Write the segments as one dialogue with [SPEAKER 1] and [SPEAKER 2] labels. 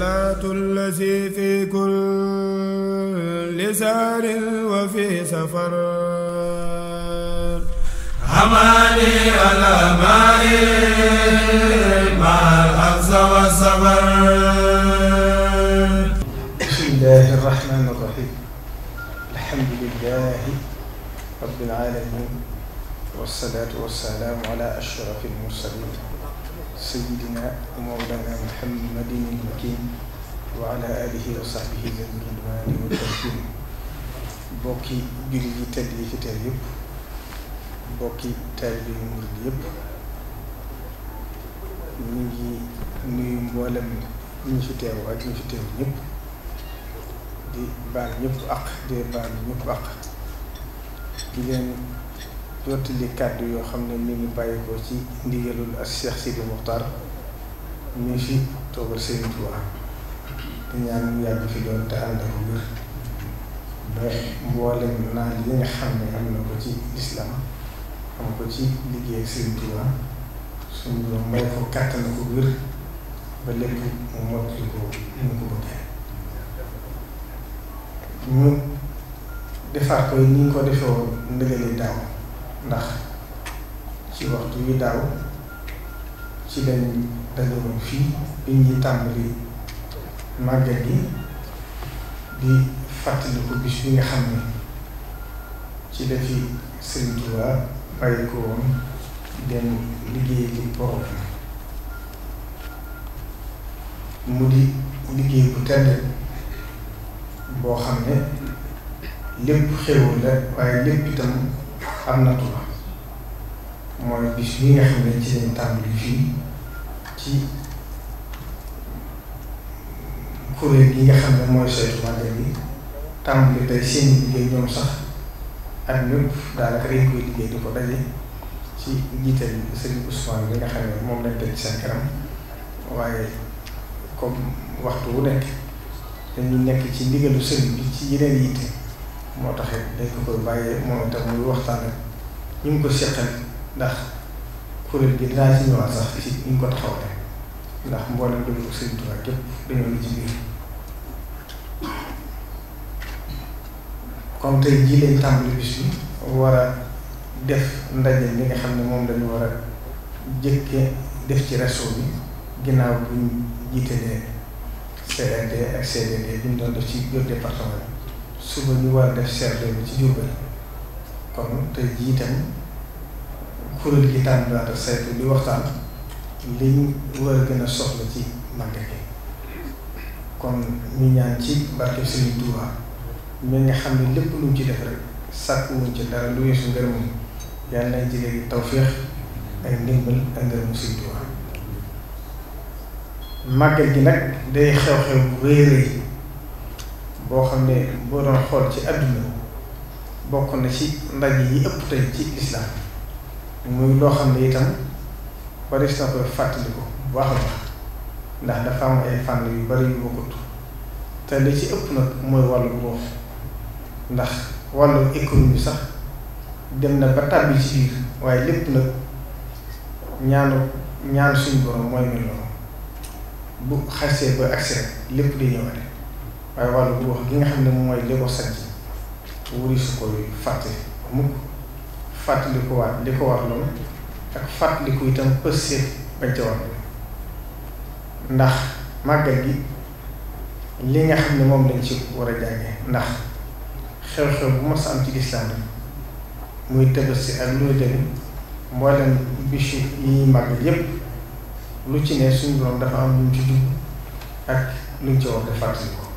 [SPEAKER 1] salaatu allazi fi kulli saarin wa fi safar
[SPEAKER 2] amaani ala
[SPEAKER 1] ma'i ma'al afza wa sabar bismillahi rahmani rahim alhamdulillahi rabbil alamin wasalaatu wasalaamu ala ashrafil mursalin sayyidina wa mawlana muhammadin al-makin wa ala alihi wa sahbihi zawil ridwani mu tamkin bokki jullit yi tedd yi fi teew yëpp bokki taalibe yu murid yëpp ñu ngi nuyu mboolem ñu fi teew ak ñu fi teew ñëpp di baal ñëpp ak di baal ñëpp ak di leen jottali kàddu yoo xam ne mi ngi bàyyi ko ci ndigalul ak Cheikh Sidi Mokhtar mi fi toogal Serigne Touba te ñaan mu yàgg fi doon te ànd ak wér ba mboolem naaj yi xam ne am na ko ci lislaam am ko ci liggéey ak Serigne Touba suñu doom may ko kàttan ko wér ba lépp mu mottali ko ni mu ko bëggee ñu defar koy ni ñu ko defee woon ndëgale daaw ndax ci waxtu wi daaw ci lañ dajewoon fii bi ñuy tàmbali màggal gi di fàttaliku bis bi nga xam ne ci defi fi Sëriñ Tuubaa bàyyi ko woon dem liggéey li borom mu di liggéey bu tedd boo xam ne lépp xewul la waaye lépp itam am na Tuuba mooy bis yi nga xam ne ci lañ tàmbali fii ci kuréel gi nga xam ne mooy saytu màggal gi tàmbali tey seen liggéey ñoom sax ak ñëpp daanaka dañ koy liggéey di ko daje ci njiital Sëriñ Ousmane bi nga xam ne moom lañ teg seen kanam waaye comme waxtu wu nekk dañu nekk ci ndigalu sëriñ bi ci yeneen yitte moo tax it dañ ko koy bàyyee moom itam muy waxtaan ak ñu ko seqal ndax kuréel gi dinaa ci ñëwaat sax ci ñu ko taxawalee ndax mboolem ko ko Sëriñ Tuubaa képp dañoo ne ci biir comme tey jii lañ tàmbali bis war a def ndaje ni nga xam ne moom lañu war a jëkke def ci réseau bi ginnaaw bu ñu jiitalee CRD ak CDD bi ñu doon def ci biir département suba ñu war a def seetlu bi ci Diourbel kon tey jii itam kuréel gi tànn daal saytu di waxtaan liñ war a gën a soxla ci màggal gi kon ñu ñaan ci barke Serigne Touba mi nga xam ne lépp luñ ci def rek sàkk wuñ ci dara lu yeesu ngërëmam yàlla na jege tawféex ak ndimbal ak ngërëmu Serigne Touba màggal gi nag day xew-xew bu rëy boo xam ne boo doon xool ci àdduna bokk na ci ndaje yi ëpp tey ci lislaam muy loo xam ne itam bari na koy fàttaliku bu baax ndax dafa am ay fànn yu bari yu bokkut te li ci ëpp nag mooy wàllu ruux ndax wàllu économie sax dem na ba tàbbi ci biir waaye lépp nag ñaanu ñaan suñu borom mooy mel noonu bu xasee ba accès lépp di ñëwaat. waaye wàllu bu wax gi nga xam ne moom mooy li ko wuri su koy fàtte mukk fàttali ko waat li ko war lool ak fàttali ko itam pësseet bañ ca war ndax màggal gi li nga xam ne moom lañ ci war a jànge ndax xew-xew bu mas am ci lislaam rek muy Tabaski ak lu yi màggal ci ne suñu borom dafa am luñ ci dugg ak luñ ci war di fàttali ko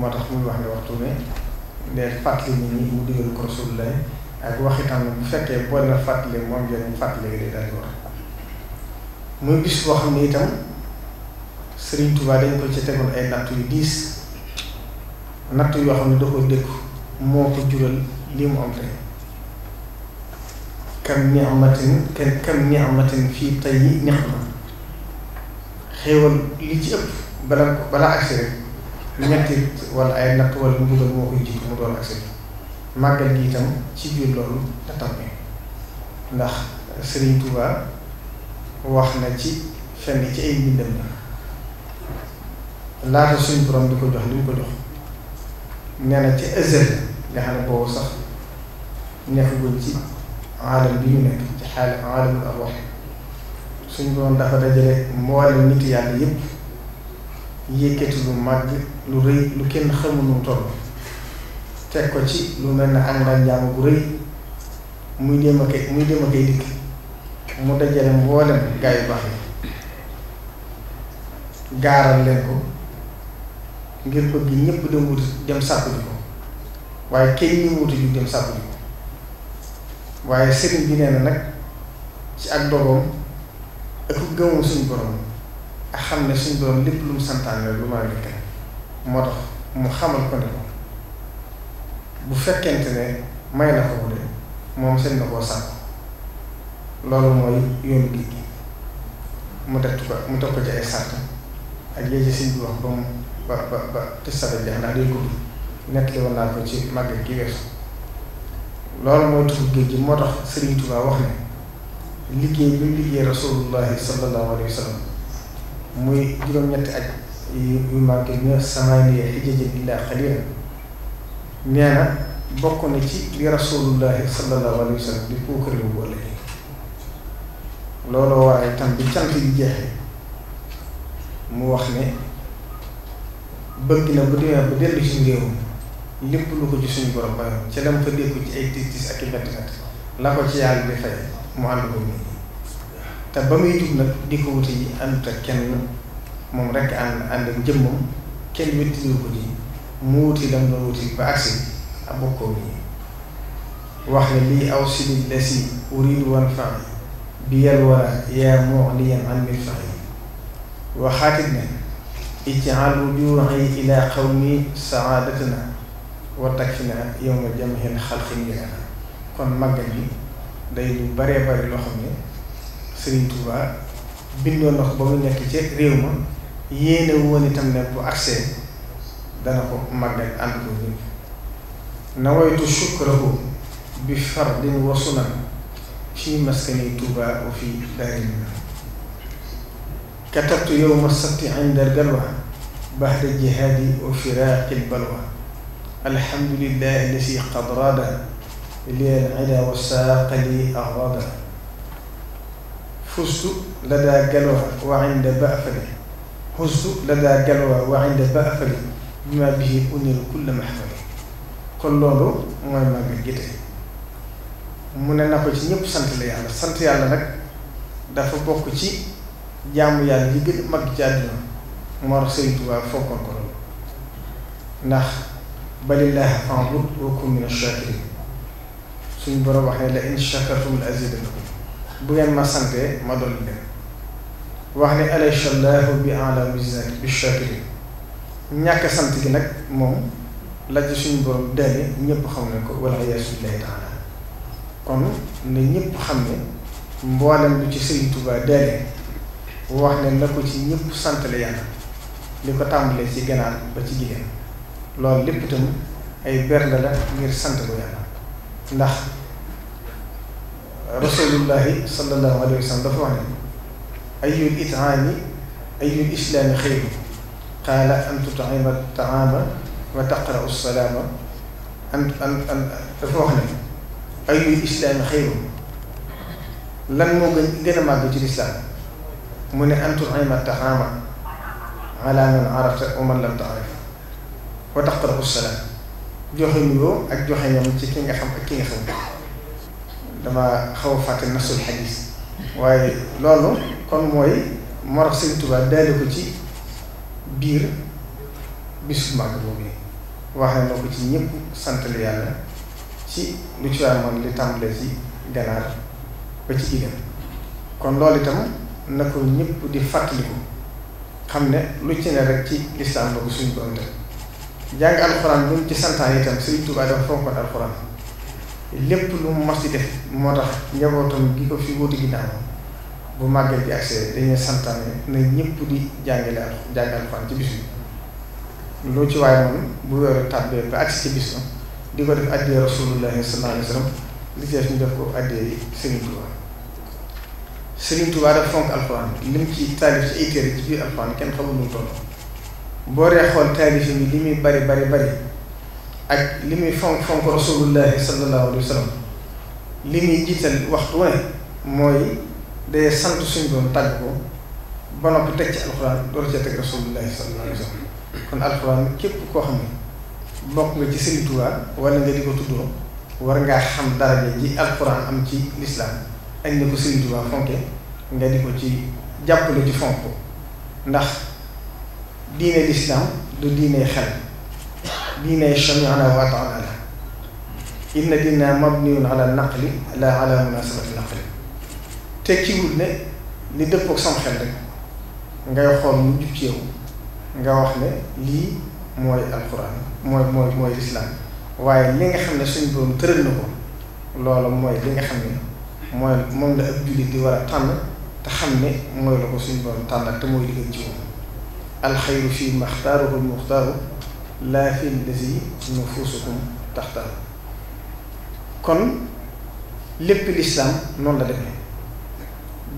[SPEAKER 1] moo tax muy wax ne waxtu ne day fàttali nit ñi mu digal ko Rasulullah ak waxitam bu fekkee boo na fàttali moom njëriñ fàttali day daal di war muy ne itam Serigne Touba dañ ay natt yu diis yoo xam ne da ko dëkku moo ko jural lii mu am tey kam ni'matin fii tey ni'ma xéewal li ci ëpp balaa balaa agsi rek mettit wala ay natt wala mbugal moo koy jiitu mu doon ak sëriñ màggal gi itam ci biir loolu la tàmbee ndax sëriñ Touba wax na ci fenn ci ay mbindam la laata suñu borom di ko jox li mu ko jox nee na ci ëzël nga xam ne boobu sax nekkaguñ ci aalam bi ñu nekk ci xaal aalamul dafa dajale mboolem nit yàlla lu rëy lu kenn xamul nu mu teg ko ci lu mel ne am ràññaam gu rëy muy dem ak muy dem ak ay dikk mu dajale mboolem gaa yu baax yi gaaral leen ko ngir bëgg ñëpp dem wuti dem sàkku ji ko waaye kenn ñu wuti ju dem sàkku ji ko waaye sëriñ bi nee na nag ci ak dogoom ak gëmum suñu borom ak xam ne suñu borom lépp lu mu santaane lu ma lekk moo tax mu xamal ko ne ko bu fekkente ne may na ko bu dee moom seen na koo loolu mooy yoonu géej gi mu teg mu teg ko ci ay sàrt ak yéegi sëñ bi wax ba mu ba ba ba te sabe jeex ndax day gudd nettali woon naa ko ci màgg gi weesu loolu mooy tufu géej gi moo tax Sëriñ Tuubaa wax ne liggéey bi liggéey rasulullahi sallallahu alayhi wa sallam muy juróom-ñetti aj yu màgg ñu samaaniya xijja illaa qalilan nee na bokk na ci li rasulullahi sallallahu alayhi wa sallam di puukar yu boole looloo waaye tam bi cant yi jeexee mu wax ne bëgg na bu demee bu dellu lépp lu ko ci suñu borom bayoon ca lam fa dégg ci ay tiis ak i métti métti la ko ci yàlla bi fay mu ànd ba muy dugg nag di ko wuti yi ànd kenn. moom rek ànd ànd ak jëmmam kenn wettilu ko nii mu wuti dam wuti ba agsi ak bokkoo nii wax ne lii aw sidil la si uridu wan fan bi yal war a yaa moo li yam an mil fan waxaatit ne ijaalu juuxi ilaa xawmi saadatina wa takfina yowma jamhil xalqi mbirana kon màggal bi day lu baree bari loo xam ne Sëriñ Tuubaa bindoon na ko ba mu nekk ci réew ma yéene woon itam ne bu agsee dana ko màggal ànd ko ñëpp nawaytu shukrahu bi fardin wa sunan fii maskani Tuuba wa fii daarina katabtu yowma sabti inda algalwa baxda jihaadi wa firaaqi albalwa alhamdulillahi alladi qad raada li alcida wa saaqa li agrada fustu ladaa galwa wa inda bafani xustu la daa galwaa wa inda baafari bi ma bihi uniru kulla maxfari kon loolu mooy màggal gi tey mu ne na ko ci ñëpp sant la yàlla sant yàlla nag dafa bokk ci jaamu yàlla yi mag ci àdduna moo tax Sëriñ Tuubaa fokkoon ko loolu ndax balillaahi fa'bud wa kun mina shaakiriin suñ borom wax ne la in shakartum la azidannakum bu ma sante ma dolli leen wax ne alaysa llaahu bi a'lam bi shaakiriin ñàkk sant gi nag moom laaj suñu borom daane ñëpp xam ne ko wal iyaazu billaahi taala kon ne ñëpp xam ne mboolem lu ci Sëriñ Tuubaa daane wax ne na ko ci ñëpp santale yàlla li ko tàmbalee ci ganaar ba ci jigéen loolu lépp itam ay bernde la ngir sant ko yàlla ndax rasulullahi sallallahu alayhi wa sallam dafa wax ne ayul itaami ayul islaami xayru qaala an tutima taama wa taqrau salaama an an an dafa wax ne ayul islaami xayru lan moo gën gën a màgg ci lislaam mu ne an tutima taama ala man arafta wa man lam taarif wa taqrau salaam joxe nuyoo ak joxe ñam ci ki nga xam ak ki nga xam dama xaw a fàtte nasul xadis waaye loolu. kon mooy morox Sëriñ Tuubaa daale ko ci biir bisu màgg boobu waxee na ko ci ñëpp santale yàlla ci lu ci waay moom li tàmbalee ci ganaar ba ci igal kon loolu itam na ko ñëpp di fàttaliku xam ne lu ci ne rek ci lislaam la ko suñu doon def jàng alxuraan bu mu ci santaan itam Sëriñ Tuubaa dafa fonkoon alxuraan lépp lu mu mas di def moo tax njabootam gi ko fi wóotu ginnaaw bu màggal gi accès dañuy santaane ne ñëpp di jàngale al jàng alxuraan ci bis bi loo ci waaye moom bu weeru tàbbee ba agsi ci bis ba di ko def addee rasulullahi sallallahu alayhi li ci def ñu def ko addee mu toll boo dee li muy bari bari bari ak li jiital waxtu wane mooy day sant suñ doon tàgg ko ba noppi teg ci alxuraan door cee teg rasulullahi sallallahu alayhi kon alxuraan képp koo xam ne bokk nga ci Sëriñ Tuubaa wala nga di ko tuddoo war ngaa xam daraja ji alxuraan am ci lislaam ak ni ko Sëriñ Tuubaa fonke nga di ko ci jàppale ci fonk ndax diine lislaam du diine xel diine sami'na wa ata'na la inna diina mabniyun ala naqli la ala munasabati naqli tekkiwul ne li dëppook sama xel rek ngay xool mu jub yow nga wax ne lii mooy alxuraan mooy mooy lislaam waaye li nga xam ne suñ boroom tëral na ko loolu mooy li nga xam ne mooy moom la ab jullit di war a tànn te xam ne mooy la ko suñ boroom tànnal te mooy li gën ci moom alxayru fii maxtaaruhu muxtaaru laa fi lasi nufusukum taxtaaru kon lépp lislaam noonu la demee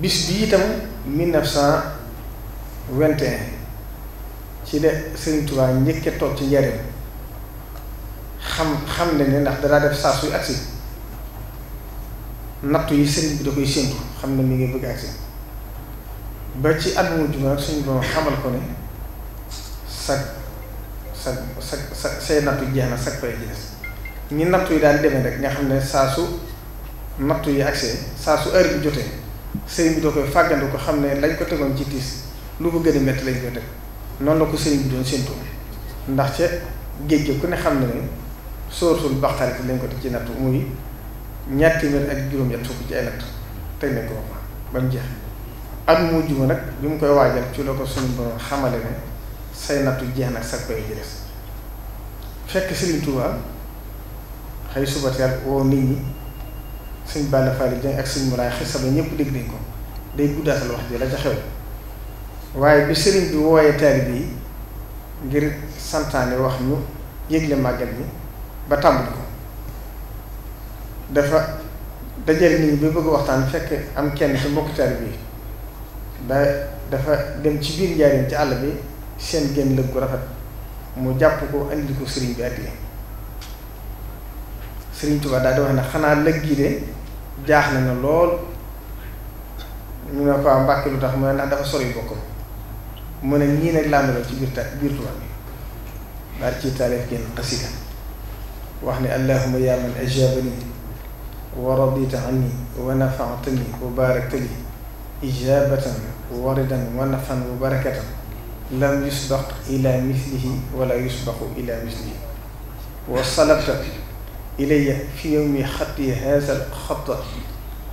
[SPEAKER 1] bis bi itam 1921 ci de Sëriñ Tuubaa njëkke toog ci njariñ xam xam ne ni ndax danaa def saa suy agsi nattu yi sëriñ bi da koy séntu xam ne mi ngi bëgg agsi ba ci at mu mujj nag suñu doon xamal ko ne sa sa sa sa say nattu jeex na sag pay ji des nattu yi daal demee rek nga xam ne saa su nattu yi agsee saa su heure bi jotee sëriñ bi doo koy fàggandu ko xam ne lañ ko tegoon ci tiis lu ko gën a métti lañ koy teg noonu la ko sëriñ bi doon séntu ndax ca géej gi ku ne xam ne ne sóoratul baqara lañ ko teg ci natt muy ñaar ak juróom-ñett fukk ci ay ba mu jeex at mu juma nag bi ci la ko suñu xamale ne say nattu jeex nag sa koy jëres fekk sëriñ Touba xëy suba teel woo nit ñi. sëñ Balla Fally Dieng ak sëñ Moulay xisa ba ñëpp dégg nañ ko day guddaatal wax ji la ca xew waaye bi sëriñ bi wooyee taalib yi ngir santaane wax ñu yëgle màggal mi ba tàmbul ko dafa dajale nit ñi ba bëgg waxtaan fekk am kenn ci mbokki taalib yi ba dafa dem ci biir njaarim ci àll bi seen génn lëg gu rafet mu jàpp ko indi ko sëriñ bi àddi Sëriñ wax ne xanaa lëggi de jaax nañu lool ñu ne ko am Mbàkke lu tax mu ne ndax dafa sori bokkam mu ne ñii nag làmbaloo ci biir ta biir Tuubaa bi ci taalif génn xasida wax ne allahuma yaa man ajabani anni wa nafaatani wa yusbaq ila mislihi wala yusbaqu ila mislihi wa salabta ilayya fi yowmi xatti haazal xatta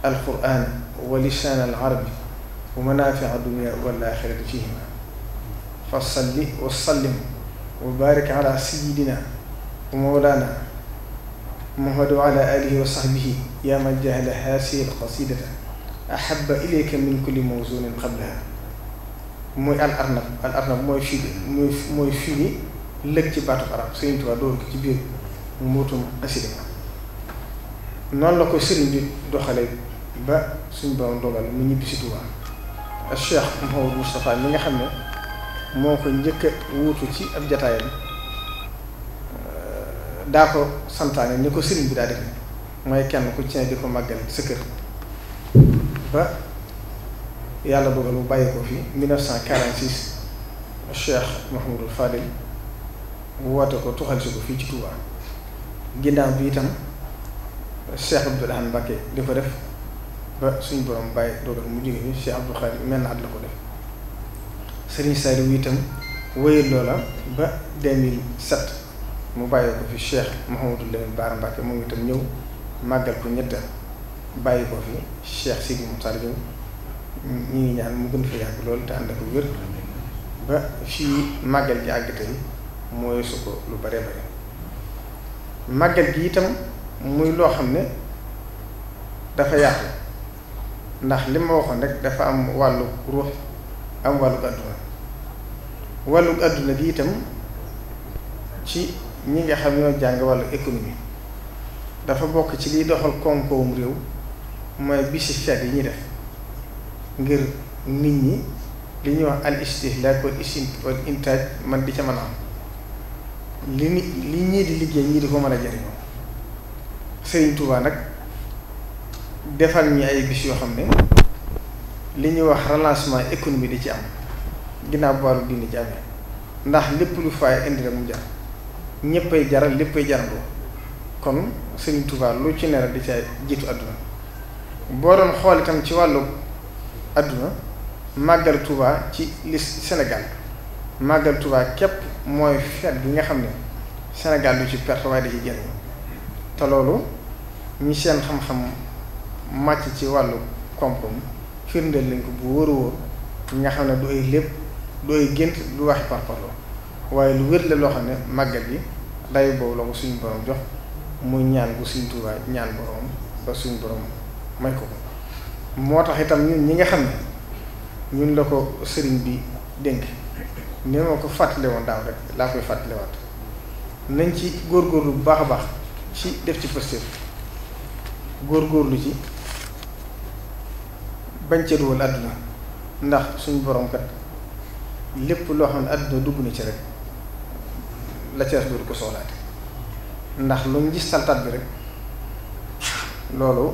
[SPEAKER 1] alquraan wa lisaan alarabi wa manaafica dunya wal axirati fihima fa salli wa sallim wa baarik ala sayidina wa mawlaana muhammad wa ala alihi wa saxbihi yaa man jahla haasihi alqasidata ahaba ilayka min kulli mawzunin qablaha mooy al arnab al arnab mooy fii mooy fii lëkk ci baatu arab Sëriñ Tuubaa door ko ci biir. mbuutum xasida noonu la ko sëriñ bi doxale ba suñ borom dogal mu ñibbi si Tuubaa ak Cheikh Mouhamadou Moustapha mi nga xam ne moo ko njëkk a wuutu ci ab jataayam euh, daa ko santaane ni ko sëriñ bi daa def mooy kenn ku ci di ko màggal sa kër ba yàlla dogal mu bàyyi ko fi 1946 Cheikh Mouhamadou Fadil woote ko tuxal si ko fii ci Tuubaa ginnaaw bi itam Cheikh Abdoul Ahad Mbacké di ko def ba suñ borom bàyyi dogal mu jóge bi Cheikh Abdou Khadre mel na at la ko def Serigne Saliou itam wéyal ba 2007 mu bàyyi ko fi Cheikh Mouhamadou Lamine Bara Mbacké moom itam ñëw màggal ko ñett bàyyi ko fi Cheikh Sidi Moussa Diop ñu ngi ñaan mu gën fi yàgg loolu te ànd ak wér ba fii màggal ji àgg tey mooy su ko lu bare bare màggal gi itam muy loo xam ne dafa yaatu ndax li ma waxoon rek dafa am wàllu ruux am wàllu àdduna wàllu àdduna gi itam ci ñi nga xam ñoo jàng wàllu économie dafa bokk ci liy doxal koom réew mooy bisi feet yi ñuy def ngir nit ñi li ñuy wax al istihlaak wal intaaj man di ca mën a am li ni li ñii di liggéey ñii di ko mën a jariñoo Sëriñ Tuubaa nag defal ñi ay bis yoo xam ne li ñuy wax relancement économique di ci am ginnaaw bu wàllu diine ci ndax lépp lu faay indi rek mu jar ñéppay jaral léppay jaraloo kon Sëriñ Tuubaa lu ci ne rek di ca jiitu àdduna boo doon xool ci wàllu àdduna màggal Tuubaa ci li Sénégal màggal Touba képp mooy fête bi nga xam ne Sénégal du ci perte waaye da ci jëriñ te loolu ñi seen xam-xam màcc ci wàllu koom-koom firndeel lañ ko bu wóor a nga xam ne du ay lépp du ay gént du waxi parparloo waaye lu wér la loo xam ne màggal bi day boobu la ko suñu borom jox muy ñaan bu suñu Touba ñaan borom ba suñu borom may ko ko moo tax itam ñun ñi nga xam ne ñun la ko sëriñ bi dénk. ni ma ko fàttale woon daaw rek laa koy fàttale fàttalewaat nañ ci góor góorgóorlu bu baax a baax ci def ci góor góorlu ci bañ ca dugal àdduna ndax suñu borom kat lépp loo xam ne àdduna dugg na ci rek la ca ko soxlaate ndax lu ñu gis bi rek loolu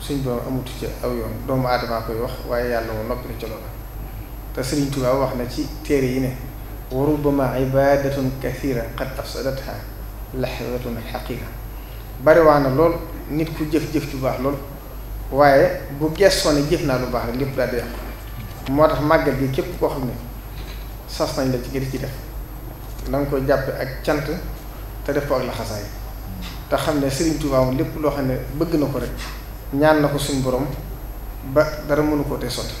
[SPEAKER 1] suñ borom amutu ci aw yoon doomu aadama koy wax waaye yàlla moo noppi ci loolu te Sëriñ wax na ci téere yi ne warul wa rubbama ibadatun kathira qad afsadatha lahzatun haqiqa bari waa na lool nit ku jëf-jëf ju baax lool waaye bu gestoo ne jëf naa lu baax lépp daal di moo tax màggal gi képp koo xam ne sas nañ la ci gëri ci def da nga koy jàppe ak cant te def ko ak laxasaay te xam ne Serigne Touba moom lépp loo xam ne bëgg na ko rek ñaan na ko suñ boroom ba dara mënu koo te sotti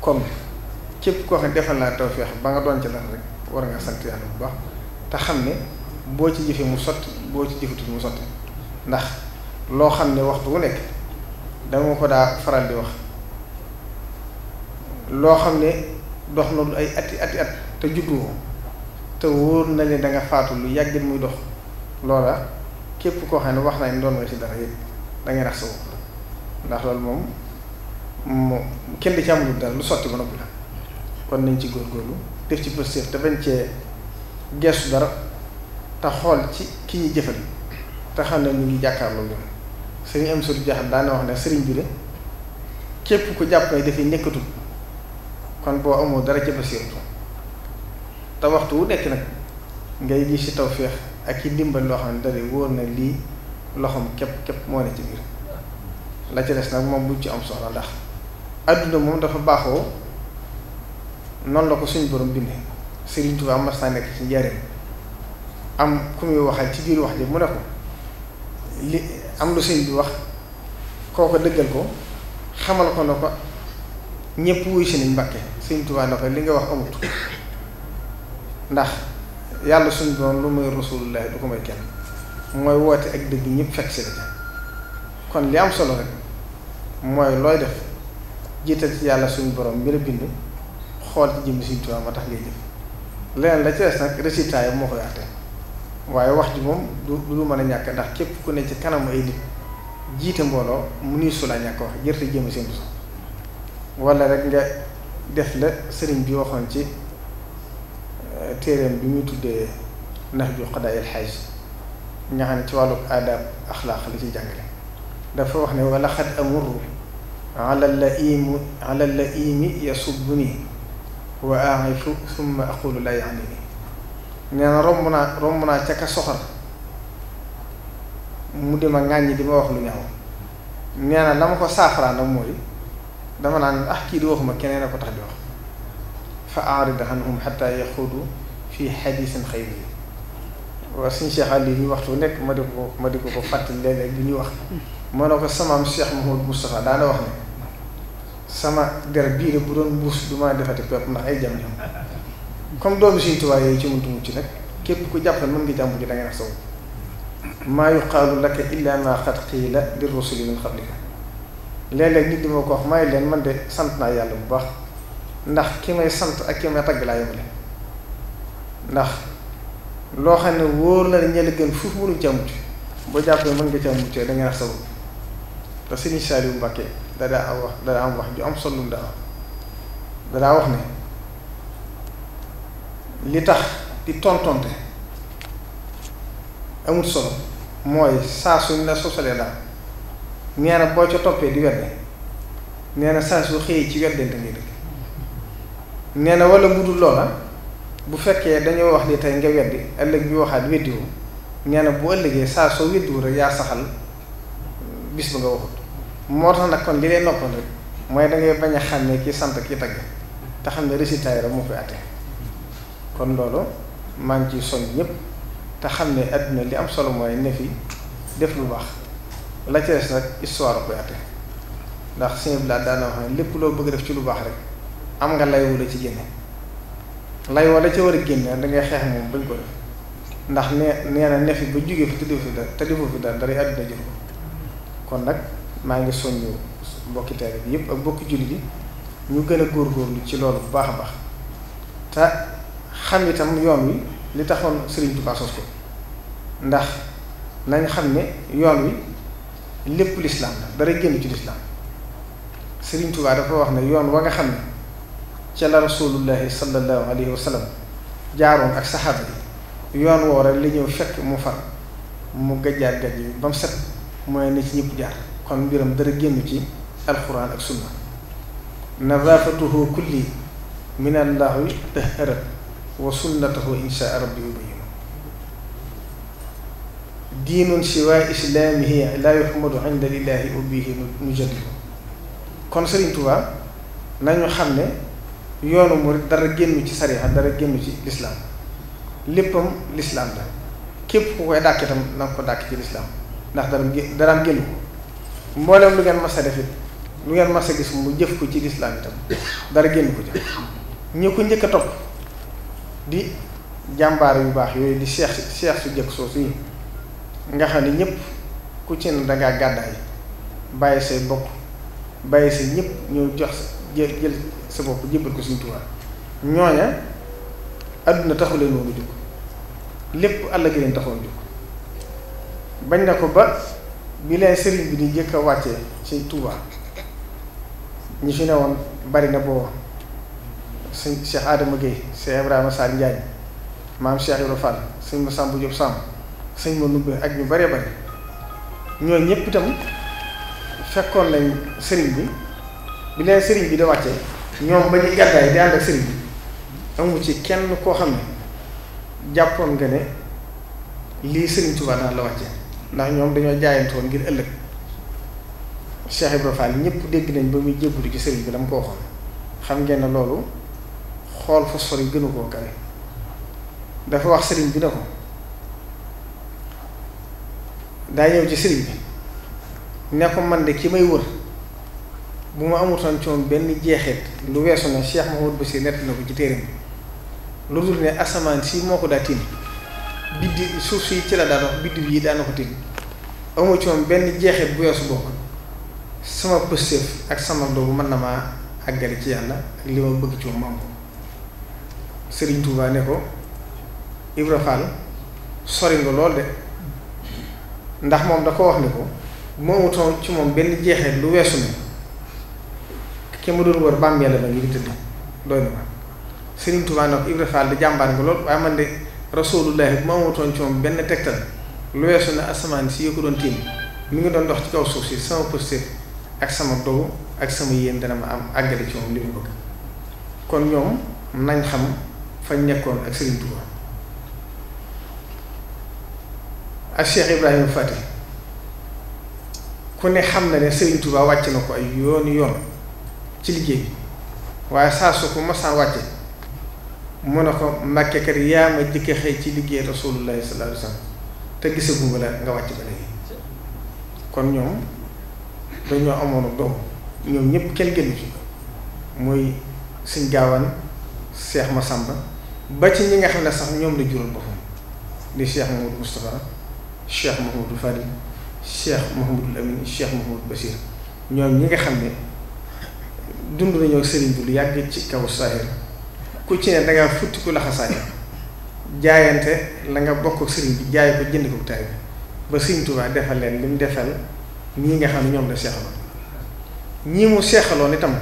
[SPEAKER 1] kon képp koo xam ne defal naa tawféex ba nga doon ci rek war nga sant bu baax te xam ne boo ci jëfee mu sotti boo ci jëfatul mu sotti ndax loo xam ne waxtu wu nekk dama ko daa faral di wax loo xam ne dox na ay ati ati at te judduwoo te wóor na ne danga nga faatu lu yàggit muy dox loola képp koo xam ne wax naa ne doon nga ci dara yëpp da ngay rax sa bopp ndax loolu moom moo kenn di ci amul dara lu sotti ba noppi la. kon nañ ci góorgóorlu def ci positif te bañ cee geesu dara te xool ci ki ñuy jëfal te xam ne ñu ngi jàkkaarloo ñoom sëriñ am sori jaaxal daana wax ne sëriñ bi de képp ku jàpp ne dafay nekkatul kon boo amoo dara ca basiirtu te nekk nag ngay gis ci feex ak i ndimbal loo xam ne dara wóor na lii loxoom képp képp moo ne ci biir la ca des nag moom buñ ci am soxla ndax adduna moom dafa baaxoo noonu la ko suñu borom bindee Serigne Touba mas naa nekk ci njëriñ am ku muy waxal ci biir wax ji mu ne ko li am lu sëñ bi wax kooko dëggal ko xamal ko na ko ñëpp wuy si nañ Mbàkke Sëriñ Tuubaa na ko li nga wax amut ndax yàlla suñu borom lu muy rasulullah du ko may kenn mooy woote ak dëgg ñépp fekk si kon li am solo rek mooy looy def jiital ci yàlla suñu borom mbir bind xool ci jëm Sëriñ moo tax ngay jëf leneen la ci des nag résultat yi moo koy àtte waaye wax ji moom du du mën a ñàkk ndax képp ku ne ci kanam ay nit jiite mbooloo mu nuy sulaa ñàkk wax jërte jëm seen bos wala rek nga def la sëriñ bi waxoon ci euh, téereem bi muy tuddee nax ju xadaayil xaaj nga xam ci wàllu aadaab axlaaq la ci jàngale dafa wax ne wala xad amuru ala la imu ala la imi yasubbu nii wa a'ifu summa aqulu laa yaani nii nee na romb naa romb naa ca ka soxor mu di ma ŋàññi di ma wax lu ñaaw nee na ma ko saafaraan nag mooy dama naan ah kii di waxuma keneen a ko tax di wax fa a'rid anhum hatta yaxuudu fii hadiisin xayri waaw suñu Cheikh Aliou bi waxtu nekk ma di ko ma di ko ko fàttali léeg-léeg bi ñuy wax ma ne ko samaam Cheikh Mouhamadou Moustapha daana wax ne sama der biir bu doon mbuus du ma defati pepp ndax ay jam-jam comme doomu Sëriñ Tuubaa yooyu ci muntu ci nag képp ku jàpp ne mën nga jàmm ji da nga nax saw maa yuqaalu laka illa ma qad qiila li rusuli min qablika léeg-léeg nit di ko wax may leen man de sant naa yàlla bu baax ndax ki may sant ak ki may tagg loo xam ne wóor na ña la gën foofu mënuñ caa mucc boo jàppee mën nga caa mucc da nga nax saw te Sëriñ Saliou Mbacké dadaa am wax dadaa am wax ju am solo mu daa dadaa wax ne li tax di tontonte amut solo mooy saa suñ la sosalee daal nee boo ca toppee di wedde nee na saa su xëyee ci weddente ngay dëkk nee walla wala bu dul loola bu fekkee dañoo wax li tey nga weddi ëllëg bi waxaat weddiwu nee na bu ëllëgee saa soo weddiwu rek yaa saxal bis ba nga waxut moo tax nag kon li lay noppoon rek mooy da ngay bañ a xam ne kii sant kii tagg te xam ne résultat yi rek moo koy atte kon loolu maa ngi ciy soñ ñépp te xam ne àdduna li am solo mooy ne def lu baax la ca des nag histoire koy atte ndax sëñ bi laa daana ne lépp loo bëgg def ci lu baax rek am nga lay wala ci génne lay wala ca war a génne dangay xeex moom bañ ko def ndax nee nee na ne fi ba jógee fi te defoo fi dara te defoo fi dara dara àdduna jëf ko kon nag. maa ngi soññu mbokki taalibe bi yëpp ak mbokki jullit yi ñu gën a góor góorgóorlu ci loolu bu baax a baax te xam itam yoon wi li taxoon Sëriñ Tuubaa sos ko ndax nañ xam ne yoon wi lépp lislaam la dara génn ci lislaam Sëriñ Tuubaa dafa wax ne yoon wa nga xam ne ca la rasulullahi sallallahu alayhi wa jaaroon ak saxaaba yi yoon woo rek li ñëw fekk mu far mu gajjaar gaj yi ba mu set mooy ne ci ñëpp jaar kon mbiram dara génn ci alquran ak sunna nadafatuhu kulli min allahi taharat wa sunnatahu insha rabbi yubayinu diinun siwa islaamihi la yuhmadu inda lillahi wa bihi nujadilu kon Sëriñ Tuubaa nañu xam ne yoonu murid dara génn ci sariya dara génn ci lislaam léppam lislaam la képp ko koy dàkk itam na nga ko dàkk ci lislaam ndax dara génn mboolem lu ngeen mas a def lu ngeen mas a gis mu jëf ko ci lislaam itam dara génn ko ci ñi ko njëkk a topp di jàmbaar yu baax yooyu di seex seex su jëkk soosu yi nga xam ne ñëpp ku ci ne dangaa gàddaay bàyyi say bokk bàyyi say ñëpp ñëw jox jël jël sa bopp jébbal ko Sëriñ Tuubaa ñooña àdduna taxu leen woon a jóg lépp àll gi leen taxoon jóg bañ na ko ba bi lay sëriñ bi di njëkk a wàccee ci Touba ñi fi ne woon bari na booba sëñ Cheikh Adama Guèye Cheikh Ibrahima Sall Ndiagne maam Cheikh Ibra Fall sëñ Massamba Diop Samb sëñ Manoumbe ak ñu baree bari ñooñu ñëpp itam fekkoon nañ sëriñ bi bi leen sëriñ bi di wàcce ñoom ba ñu gàddaay di ànd ak sëriñ bi amu ci kenn koo xam ne jàppoon nga ne lii sëriñ Touba naa la wàccee. ndax ñoom dañoo jaayantoon ngir ëllëg Cheikh Ibrahima Fall ñëpp dégg nañ ba muy jébbalu ci sëriñ bi dama ko waxoon xam ngeen ne loolu xool fu sori gënu koo kawe dafa wax sëriñ bi ne ko daa ñëw ci sëriñ bi ne ko man de ki may wër bu ma amutoon ci moom benn jeexeet lu weesu na Cheikh Mahamadou Bassir nett na ko ci téeram lu dul ne asamaan si moo ko daa tiim biddi suuf si ci la daan wax biddiw yi daana ko tëj amu ci moom benn jeexeet bu weesu bokk sama pëstéef ak sama doobu mën na ma àggale ci yàlla ak li ma bëgg ci moom ma am ko Sëriñ Tuubaa ne ko Ibra sori nga lool moom da ko wax ni ko moomutoon ci moom benn jeexeet lu weesu ne ki ma doon wër bàmmeel ba ngi di tëdd doy na ma Sëriñ Tuubaa ne ko Ibra Fall di jàmbaar nga lool waaye man de rasulullahi bu ma amatoon ci moom benn tegtal lu weesu ne asamaan si yoo ko doon tiim mu ngi doon dox ci kaw suuf si sama posté ak sama dogu ak sama yéen dana ma am àggale ci moom li mu bëgg kon ñoom nañ xam fañ nekkoon ak Serigne Touba ak Cheikh Ibrahima Fati ku ne xam na ne Serigne Touba wàcc na ko ay yoon yoon ci liggéey bi waaye saa su ko masaan wàcce mu ne ko Mbàkke kat yaa ma jëkk xëy ci liggéey rasulullahi sallallahu alayhi wa sallam te gisaguma la nga wàcc ba léegi kon ñoom dañoo amoon doom ñoom ñëpp kenn gënu ci mooy Sëñ Gaawaan Seex Masamba ba ci ñi nga xam ne sax ñoom la jural boppam di Cheikh Mouhamadou Moustapha Cheikh Mouhamadou Fadil Cheikh Mouhamadou Amine Cheikh Mouhamadou Bachir ñoom ñi nga xam ne dund nañoo sëriñ bi lu yàgg ci kaw saahir ku ci ne dangaa futti ku laxasaay jaayante la nga bokk sëriñ bi jaay ko jënd ko taay bi ba sëriñ Tuubaa defal leen li mu defal ñii nga xam ne ñoom la seexaloon ñii mu seexaloon itam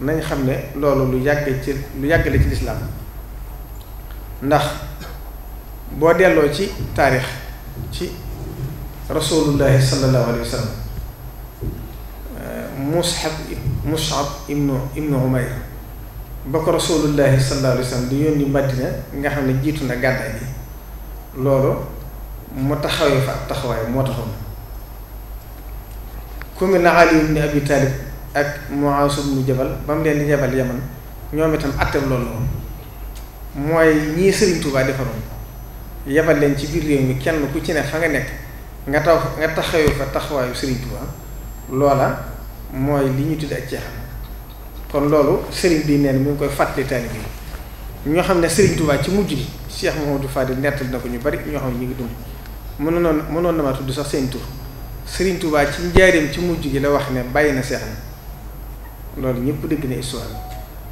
[SPEAKER 1] nañ xam ne loolu lu yàgg ci lu yàgg ci lislaam ndax boo delloo ci taarix ci rasulullahi sallallahu alayhi wa sallam Mus'ab Mus'ab ibnu ibnu ba ko rasulullahi sallallahu alayhi wa sallam di yónni Madina nga xam ne jiitu na gàddaay bi loolu mu taxawee fa ak taxawaay moo taxoon ku mel ne Ali ibn Abi Talib ba mu leen di yebal Yaman ñoom itam atteem loolu la woon mooy ñii Serigne Touba defaroon yebal leen ci biir réew mi kenn ku ci ne fa nga nekk nga taw nga taxawee fa taxawaayu Serigne Touba loola mooy li ñu tudd ak ceexam kon loolu sëriñ bi neen mu ngi koy fàttali taalibe ñoo xam ne sëriñ Touba ci mujj gi Cheikh Mouhamadou Fadil nettal na ko ñu bari ñoo xam ne ñu ngi dund mënoon mënoon na ma tudd sax seen tur sëriñ ci njaareem ci mujj gi la wax ne bàyyi na seex na loolu ñëpp dégg na histoire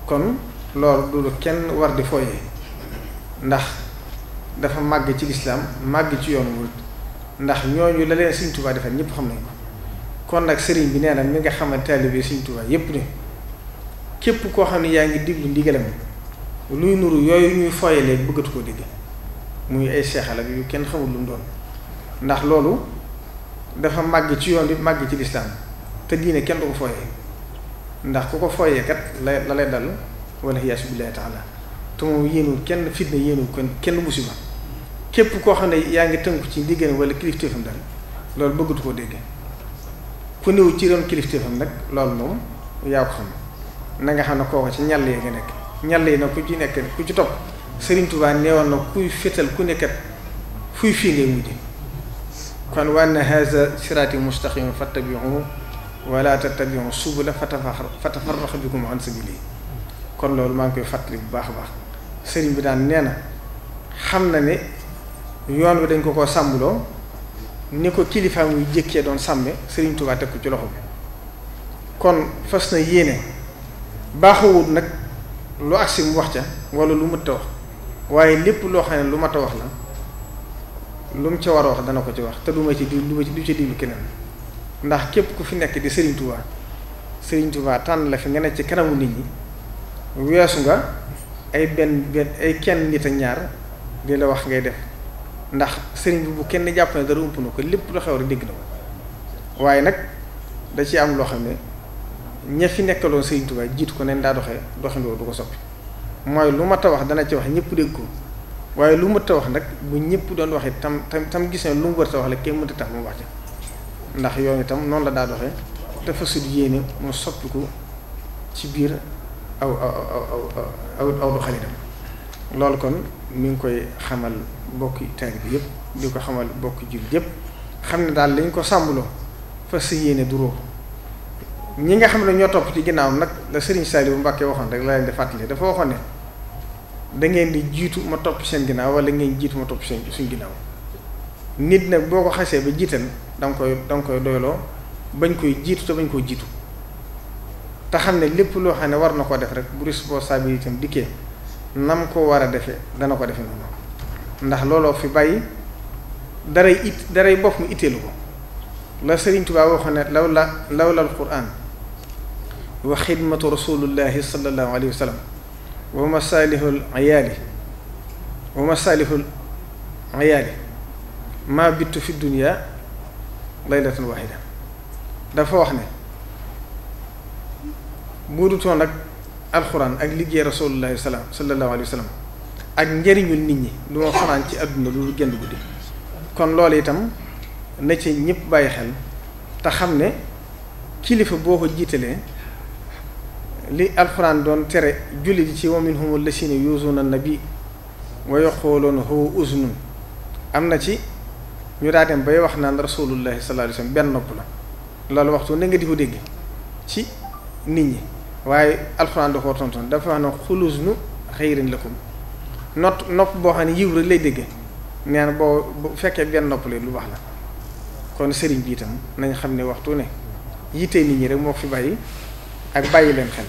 [SPEAKER 1] kon loolu du lu kenn war di fooyee ndax dafa màgg ci lislaam màgg ci yoon wu ndax ñooñu la leen sëriñ Touba defal ñëpp xam nañ ko kon nag sëriñ bi nee na mi nga xamante taalibe sëriñ Touba yëpp képp koo xam ne yaa ngi diglu ndigalam luy nuru yooyu ñuy foyalee bëggatu ko dégg muy ay seexal yu kenn xamul lu mu doon ndax loolu dafa màgg ci yoon bi màgg ci lislaam te diine kenn du ko fooyee ndax ku ko fooyee kat la la lay dal wala yaasu billaahi taala te moom yéenul kenn fitna yéenul kon kenn musiba képp koo xam ne yaa ngi tënku ci ndigalam wala kilifteefam dal loolu bëggatu ko dégg ku néew ci ron kilifteefam nag loolu moom yaa ko na xam ne kooku ci ñàll yi nga nekk ñàll yi nag ku ci nekk ku ci topp Serigne Touba neewoon na kuy fétal ku nekkat fuy fii ngay mujj kon wa anna haza siraati subula fatafarraqa bikum an kon loolu maa ngi koy fàttali bu baax a baax sëriñ bi daan nee xam na ne yoon wi dañ ko ko sàmmloo ni ko kilifaam yu jëkkee doon sàmme sëriñ Touba teg ko ci loxo bi kon fas na yéene. baaxawut nag lu agsi mu wax ca wala lu mënta wax waaye lépp loo xam ne lu mat a wax la lu mu ca war a wax dana ko ci wax te du ma ci du ma ci du ci diglu keneen ndax képp ku fi nekk di Serigne Touba Serigne Touba tànn la fi nga ne ci kanamu nit ñi weesu nga ay benn benn ay kenn nit ak ñaar di la wax ngay def ndax Serigne bi bu kenn jàpp ne dara ump na ko lépp lu xew rek dégg na ko waaye nag da ci am loo xam ne. ña fi nekkaloon Sëriñ Tuubaa jiitu ko nañ daa doxee doxin boobu du ko soppi mooy lu mat a wax dana ci wax ñëpp dégg ko waaye lu mat a wax nag bu ñëpp doon waxee tam tam tam gis ne lu mu war a wax la kenn mënta tax mu wax ci ndax yoon itam noonu la daa doxee te fasul yéene mu soppiku ci biir aw aw aw aw doxalinam loolu kon mi ngi koy xamal bokk taalibe bi yëpp di ko xamal bokk jullit yépp xam ne daal lañ ko sàmbaloo fas yéene duroo. ñi nga xam ne ñoo topp ci ginnaawam nag la Serigne Saliou Mbacké waxoon rek la leen di fàttali dafa waxoon ne da ngeen di jiitu ma topp seen ginnaaw wala ngeen jiitu ma topp seen nit nag boo ko xasee ba jiital da nga koy bañ koy jiitu te bañ jiitu te xam ne lépp loo xam ne war na ko def rek bu responsabilité am dikkee nam ko war a defee dana ko defe looloo fi bàyyi daray it daray bopp mu itteelu ko la Serigne Touba waxoon ne la law lal wa xidmatu rasulillahi sallallahu alayhi wa sallam wa masalihul ayaali wa masalihul ayaali maa bittu fi dunia laylatan waxida dafa wax ne bu ak alxuraan ak liggéey rasulillahi salaam sallallahu alayhi wa ak njëriñul nit ñi lu ma fanaan ci àdduna lu génn guddi kon loolu itam na ci ñëpp bàyyi xel te xam ne kilifa boo ko jiitalee li alxuraan doon tere jullit ji ci wa minhum allasina na nabi wa yaquluuna huwa uznun am na ci ñu daa dem bay wax naan rasulullahi sallallahu alayhi wasallam benn nopp la loolu waxtu ne nga di ko dégg ci nit ñi waaye alxuraan da koo tontoon dafa wax ne xuluznu xayrin lakum not nopp boo xam ne yiw rek lay dégg nee boo bu fekkee benn nopp lay lu baax la kon sëriñ bi itam nañ xam ne waxtu ne yittee nit ñi rek moo fi bàyyi ak bàyyi leen xel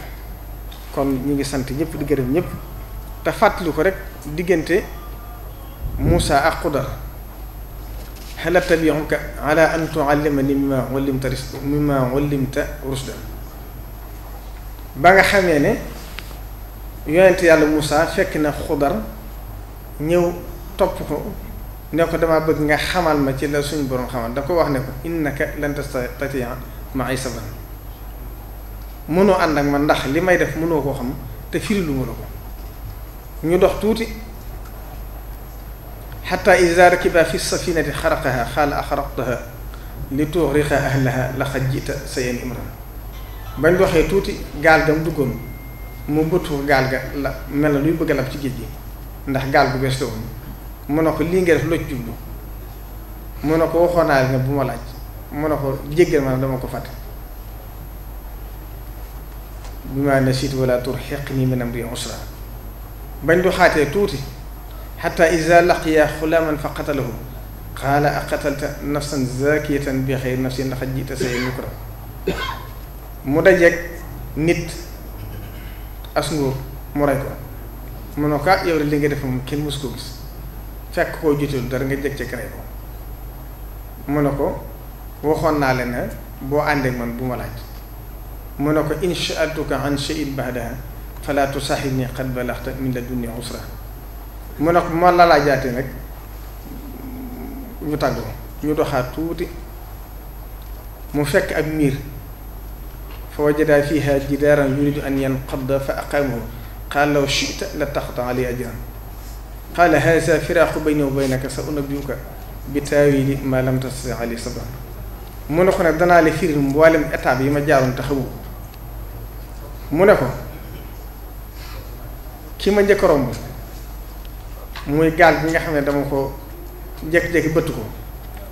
[SPEAKER 1] kon ñu ngi sant ñëpp di gërëm ñépp te fàttali ko rek diggante Moussa ak Xudar hal attabi'uka ala an tu'allimani mimma ullimta rusdan mimma ba nga xamee ne yonent yàlla Moussa fekk na Xudar ñëw topp ko ne ko damaa bëgg nga xamal ma ci la suñu borom xamal da ko wax ne ko innaka lan tastati'a ma'iya sabran mënoo ànd ak man ndax li may def mënoo koo xam te firi lu ma ñu dox tuuti xataa iza rakiba fi safinati xaraqaha xaala axraqtaha li tuxriqa ahlaha laqad jita sayan imran bañ doxee tuuti gaal ga mu duggoon mu bëttu gaal ga la mel na luy bëgg a lab ci géej gi ndax gaal gu bees la woon mu ne ko lii nga def loj jublu mu ne ko waxoon naa ne bu ma laaj mu ne ko jéggal ma ne dama ko fàtte bi ma nasit wala turhiqni min amri usra bañ du xaatee tuuti xata ida laqiya xulaaman fa qatalahu qaala a qatalta nafsan zakiyatan bi xayri nafsin ndax jiita say nukra mu dajeeg nit as mu rey ko mu ne ko ah, yow li nga def kenn mës ko gis fekk koo jotul dara nga jeg ci rey ko mu ne ko waxoon naa leen ne boo àndeek man bu ma laaj mu ne ko in sha'altuka an shay'in ba'daha fala tusahibni qad balaghta min ladunni usra mu ne ko ma la laa jaatee nag ñu tàggoo ñu doxaat tuuti mu fekk ak miir foo wajada fiha jidaaran yuridu an yanqadda fa aqaamahu qaala law shi'ta la taqta'a li ajran qaala haadha firaaqu bayni wa baynaka sa unabbi'uka bi taawili ma lam tastati' alayhi sabran mu ne ko nag danaa la yi ma jaaroon taxawu mu ne ko ki ma njëkk romb muy gaal bi nga xam ne dama ko jékki-jékki bëtt ko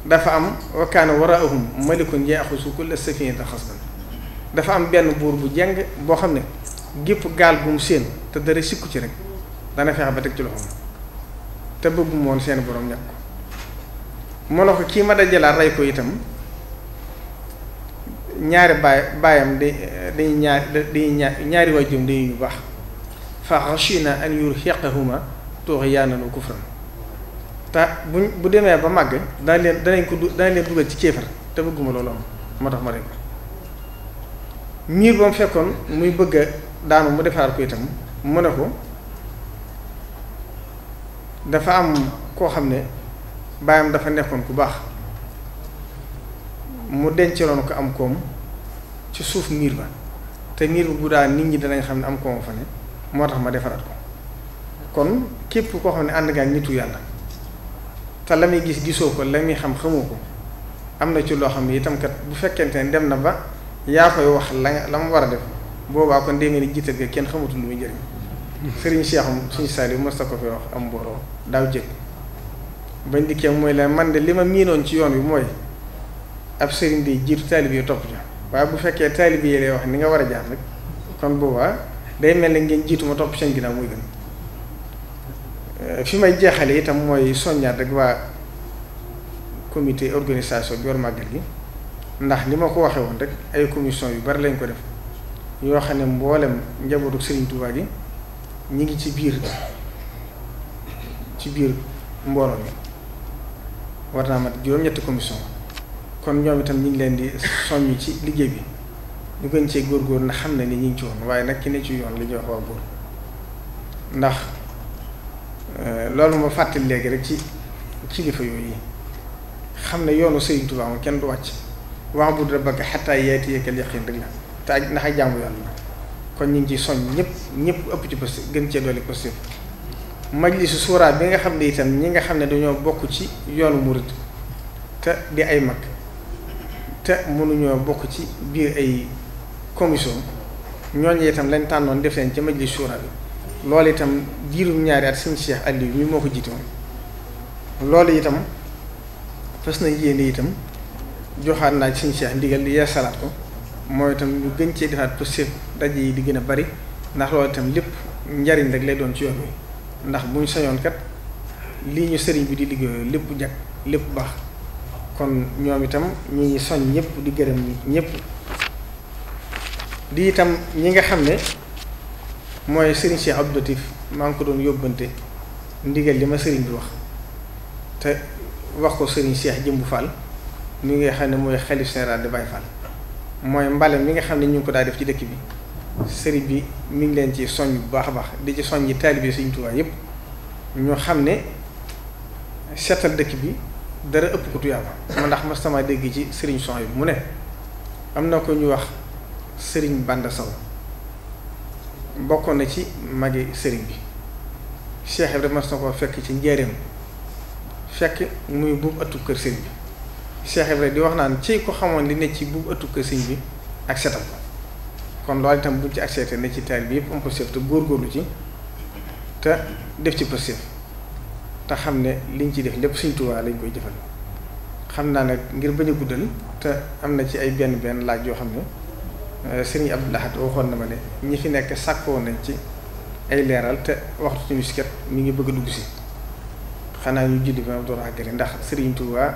[SPEAKER 1] dafa am wa kaana waraahum ko yaaxusu kulla safinata xasban dafa am benn buur bu jeng boo xam ne gépp gaal bu mu séen te dara sikku ci rek dana feex ba teg ci loxoom te bëggu moon seen borom ñàkk ko mu ne ko kii ma dajalaat rey ko itam ñaari baay baayam day day ñaar day ñaari waajum day yu baax fa xashina an yurhiqahuma tughyanan wa kufran te buñ bu demee ba màgg daañu leen danañ ko du daañu leen dugal ci kéefar te bëgguma loolu am moo tax ma rek miir ba mu fekkoon muy bëgg a daanu mu defar ko itam mu ne ko dafa am koo xam ne baayam dafa nekkoon ku baax mu denceloon ko am koom ci suuf miir ba te miir ba bu daal nit ñi danañ xam ne am koom fa ne moo tax ma defaraat ko kon képp koo xam ne ànd ngaa nitu yàlla te la muy gis gisoo ko la muy xam xamu ko am na ci loo xam ne itam kat bu fekkente ne dem na ba yaa koy wax la nga la mu war a def boobaa kon dégg nga ni jiital kenn xamatul lu muy njëriñ sëriñ Cheikh suñu saal yi mos ko fi wax am mbooloo daal jëkk bañ dikkee mooy la man de li ma miinoon ci yoon wi mooy. ab sëriñ day jiitu taalib yi topp ja waaye bu fekkee taalib yi lay wax ni nga war a jaar nag kon boobaa day mel ne ngeen jiitu ma topp gi nag muy gën euh, fi may jeexale itam mooy soññaat rek waa comité organisation bi war màggal gi ndax ni ma ko waxee woon rek ay commission yu bari lañ ko def yoo xam ne mboolem njabootu sëriñ Tuubaa gi ñu ngi ci biir ci biir mbooloo mi war naa ma juróom-ñetti commission kon ñoom itam ñu ngi leen di soññ ci liggéey bi ñu gën cee góorgóor na xam ne ni ñu ngi ci woon waaye nag ki ne ci yoon li ñuy wax waa góor ndax euh, loolu ma fàttali léegi rek ci ci kilifa yooyu xam ne yoonu Sëriñ Tuubaa moom kenn du wàcc wa'bud rabbaka hattaa yaatiyakal yaqiin rek la te aj ndax jaamu yàlla kon ñu ngi ciy soñ ñëpp ñëpp ëpp ci poste gën cee doole poste majlisu suuraa bi nga xam ne itam ñi nga xam ne dañoo bokk ci yoonu murit te di ay mag te mënuñoo bokk ci biir ay commission ñooñu itam lañ tànnoon def leen ca majlis shura bi loolu itam diirum ñaari at suñu Cheikh Aliou mi moo ko jiitoo woon loolu itam fas na yéene itam joxaat naa ci suñu Cheikh ndigal di yeesalaat ko mooy itam ñu gën cee defaat possible daje yi di gën a bari ndax loolu itam lépp njariñ rek lay doon ci yoon wi ndax bu ñu sañoon kat lii ñu sëriñ bi di liggéeyoo lépp jag lépp baax. kon ñoom itam ñi ngi soñ ñëpp di gërëm ñëpp di itam ñi nga xam ne mooy sëriñ Cheikh Abdou maa ngi ko doon yóbbante ndigal li ma sëriñ bi wax te wax ko sëriñ Cheikh Jëmbu Fall mi nga xam ne mooy xalif général de Baye Fall mooy mbale mi nga xam ne ñu ngi ko daa def ci dëkk bi sëriñ bi mu ngi leen ci soñ bu baax a baax di ci yi soññi taalibe Sëriñ Tuubaa yëpp ñu xam ne setal dëkk bi dara ëpp ko tuyaaba ma ndax mas sama dégg ci sëriñ son yi mu ne am na ko ñu wax sëriñ Banda saw bokkoon na ci magi sëriñ bi Cheikh Ibrahima mas na ko fekk ci njaareem fekk muy buub ëttu kër sëriñ bi Cheikh Ibrahima di wax naan ci ko xamoon li ne ci buub ëttu kër sëriñ bi ak setam ko kon loolu tam bu ci accepté ne ci taal bi yëpp am ko seet te góorgóorlu ci te def ci positif te xam ne liñ ci def lépp Sëriñ Tuubaa lañ koy jëfal xam naa nag ngir bañ a guddal te am na ci ay benn benn laaj yoo xam ne euh, Sëriñ ab Lahad waxoon na ma ne ñi fi nekk sàkkoo nañ ci ay leeral te waxtu suñu kat mi ngi bëgg a dugg si xanaa ñu julli ba ma door àggale ndax Sëriñ Tuubaa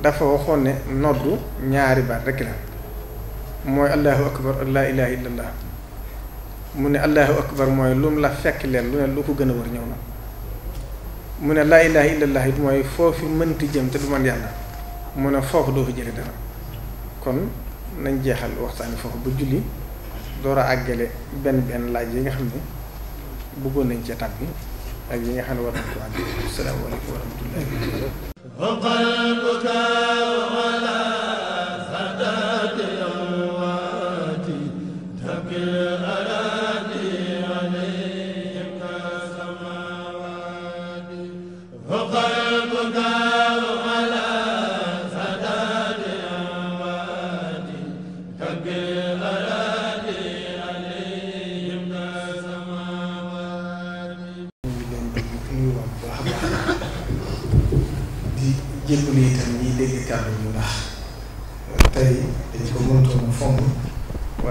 [SPEAKER 1] dafa waxoon ne noddu ñaari baat rekk la mooy allahu akbar laa ilaaha illallah mu ne allahu akbar mooy lu mu la fekk leen lu ne lu ko gën a wër ñëw na mu ne laa ilaha illallah it mooy foofu mënti jëm te du man yàlla mu ne foofu doo fa jële dara kon nañ jeexal waxtaani foofu ba julli door a àggale benn benn laaj yi nga xam ne bëggoon nañ cee tàbbi ak yi nga xam ne war nañ ko àgg salaamaaleykum wa rahmatullahi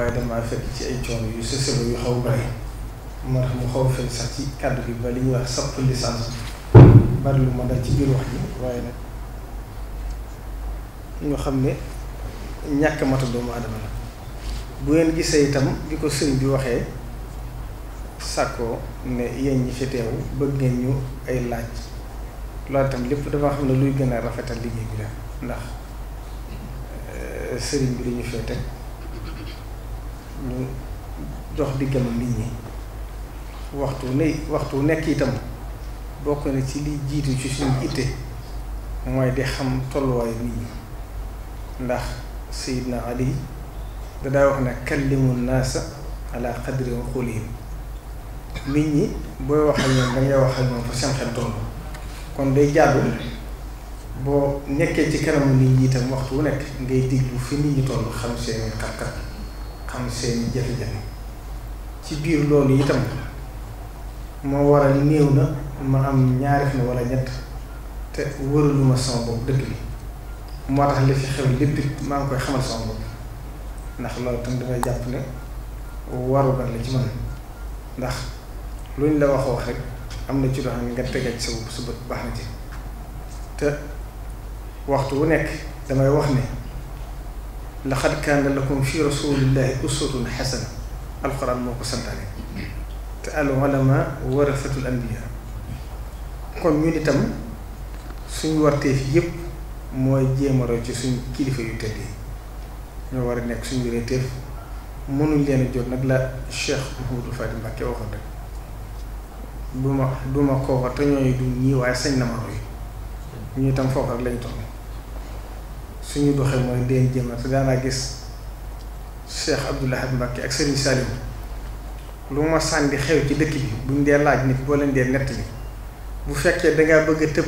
[SPEAKER 1] waaye damaa fekk ci ay coono yu sësëba yu xaw bari moo tax mu xaw feeñ sax ci kàddu gi ba li ñuy wax sapp licence bari lu ma dal ci biir wax ji waaye nag ñu xam ne ñàkk mata doomu adama la bu ngeen gisee itam bi ko sëñ bi waxee sàkkoo ne yéen ñi fi teew bëgg ngeen ñu ay laaj loolu itam lépp dafa xam ne luy gën a rafetal liggéey bi la ndax euh, sëriñ bi dañu fee teg lu dox diggam nit ñi waxtu ne waxtu nekk itam bokk na ci liy jiitu ci suñu itte mooy di xam tolluwaayu nit ñi ndax Seydina Ali da daa wax ne kallimu naasa ala qadri uqulihim nit ñi booy wax ak ñoom dangay wax ak ñoom fa seen xel toll kon day jàddu boo nekkee ci kanamu nit ñi itam waxtu wu nekk ngay diglu fi nit ñi toll xam seeni xar-xar xam seen jafe-jafe ci biir loolu itam moo waral néew na ma am ñaari fan wala ñett te wëraluma sama bopp dëkk bi moo tax li fi xew lépp maa ngi koy xamal sama bopp ndax loolu tam damay jàpp ne warugar la ci man ndax luñ la wax wax rek am na ci loo xam ne nga tegal sa sa bët baax na ci te waxtu wu nekk damay wax ne. laqad kaana lakum fi rasulillahi uswatun xasana alquran moo ko santaane te al ulama warasatul anbiya kon ñun itam suñu warteef yëpp mooy jéem roy ci suñu kilifa yu tedd ñoo war a nekk suñu reteef mënuñ leen jot nag la Cheikh Mouhamadou Fadi Mbacké waxoon rek duma duma kooka te ñooñu du ñii waaye sañ na ma roy ñu itam foofu rek lañ toll suñu doxee mooy dee jëmma te daanaa gis Cheikh Abdoul Ahad Mbacké ak Serigne Salim lu ma sànni xew ci dëkk bi buñ dee laaj nit boo leen dee nett bi bu fekkee dangaa bëgg a tëb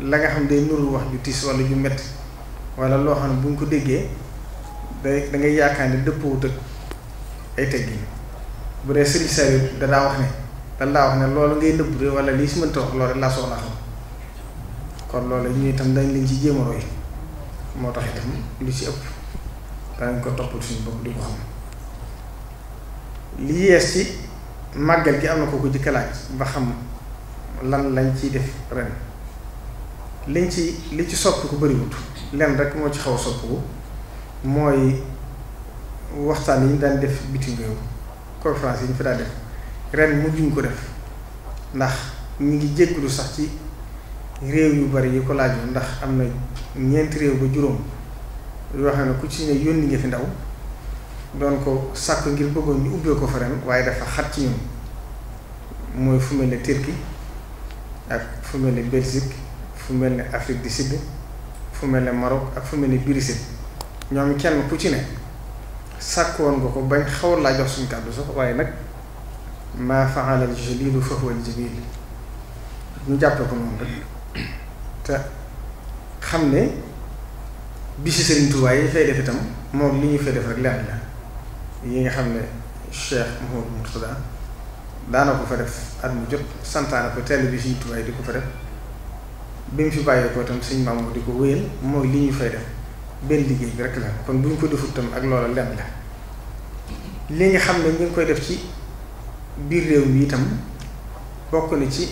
[SPEAKER 1] la nga xam day nurul wax ju tiis wala ju metti wala loo xam ne buñ ko déggee day da ngay yaakaar ne dëppwut ak ay teggin bu dee Serigne Salim dadaa wax ne dadaa wax ne loolu ngay nëbb wala lii si mënta wax loolu laa soxla xam kon loolu ñuy itam dañ leen ci jéem a moo tax itam lu ci ëpp danañ ko toppal suñu bopp di ko xam li yees ci màggal gi am na ko ko jëkk laaj ba xam lan lañ ci def ren liñ ci li ci soppi ko bëriwut lenn rek moo ci xaw a soppiku mooy waxtaan yi ñu daan def bitim réew conférence yi ñu fi daan def ren mujjuñ ko def ndax ñu ngi jéggulu sax ci réew yu bari yi ko laaj laajoon ndax am na ñeenti réew ba juróom yoo xam ne ku ci ne yónni nga fi ndaw doon ko sàkk ngir bëggoon ñu ubbee ko fa waaye dafa xat ci ñoom mooy fu mel ne Turquie ak fu mel ne Belgique fu mel ni Afrique du Sud fu mel ne Maroc ak fu mel ne Brésil ñoom kenn ku ci ne sàkk woon nga ko bañ xaw laa jox suñu kàddu sax waaye nag maa faala al jalilu fa huwa al jamil ñu jàppee ko noonu rek te xam ne bi si Sëriñ Tuubaa yi fay def itam moom li ñuy fay def rek lenn la yi nga xam ne Cheikh Mouhamadou Mourtada daana ko fa def at mu jot santaane ko teel bi Sëriñ Tuubaa yi di ko fa def bi mu fi bàyyeekoo itam suñ maam di ko wéyal mooy li ñu fay def benn liggéey bi rek la kon bu ñu ko defut tam ak loola lenn la li nga xam ne ñu ngi koy def ci biir réew mi itam bokk na ci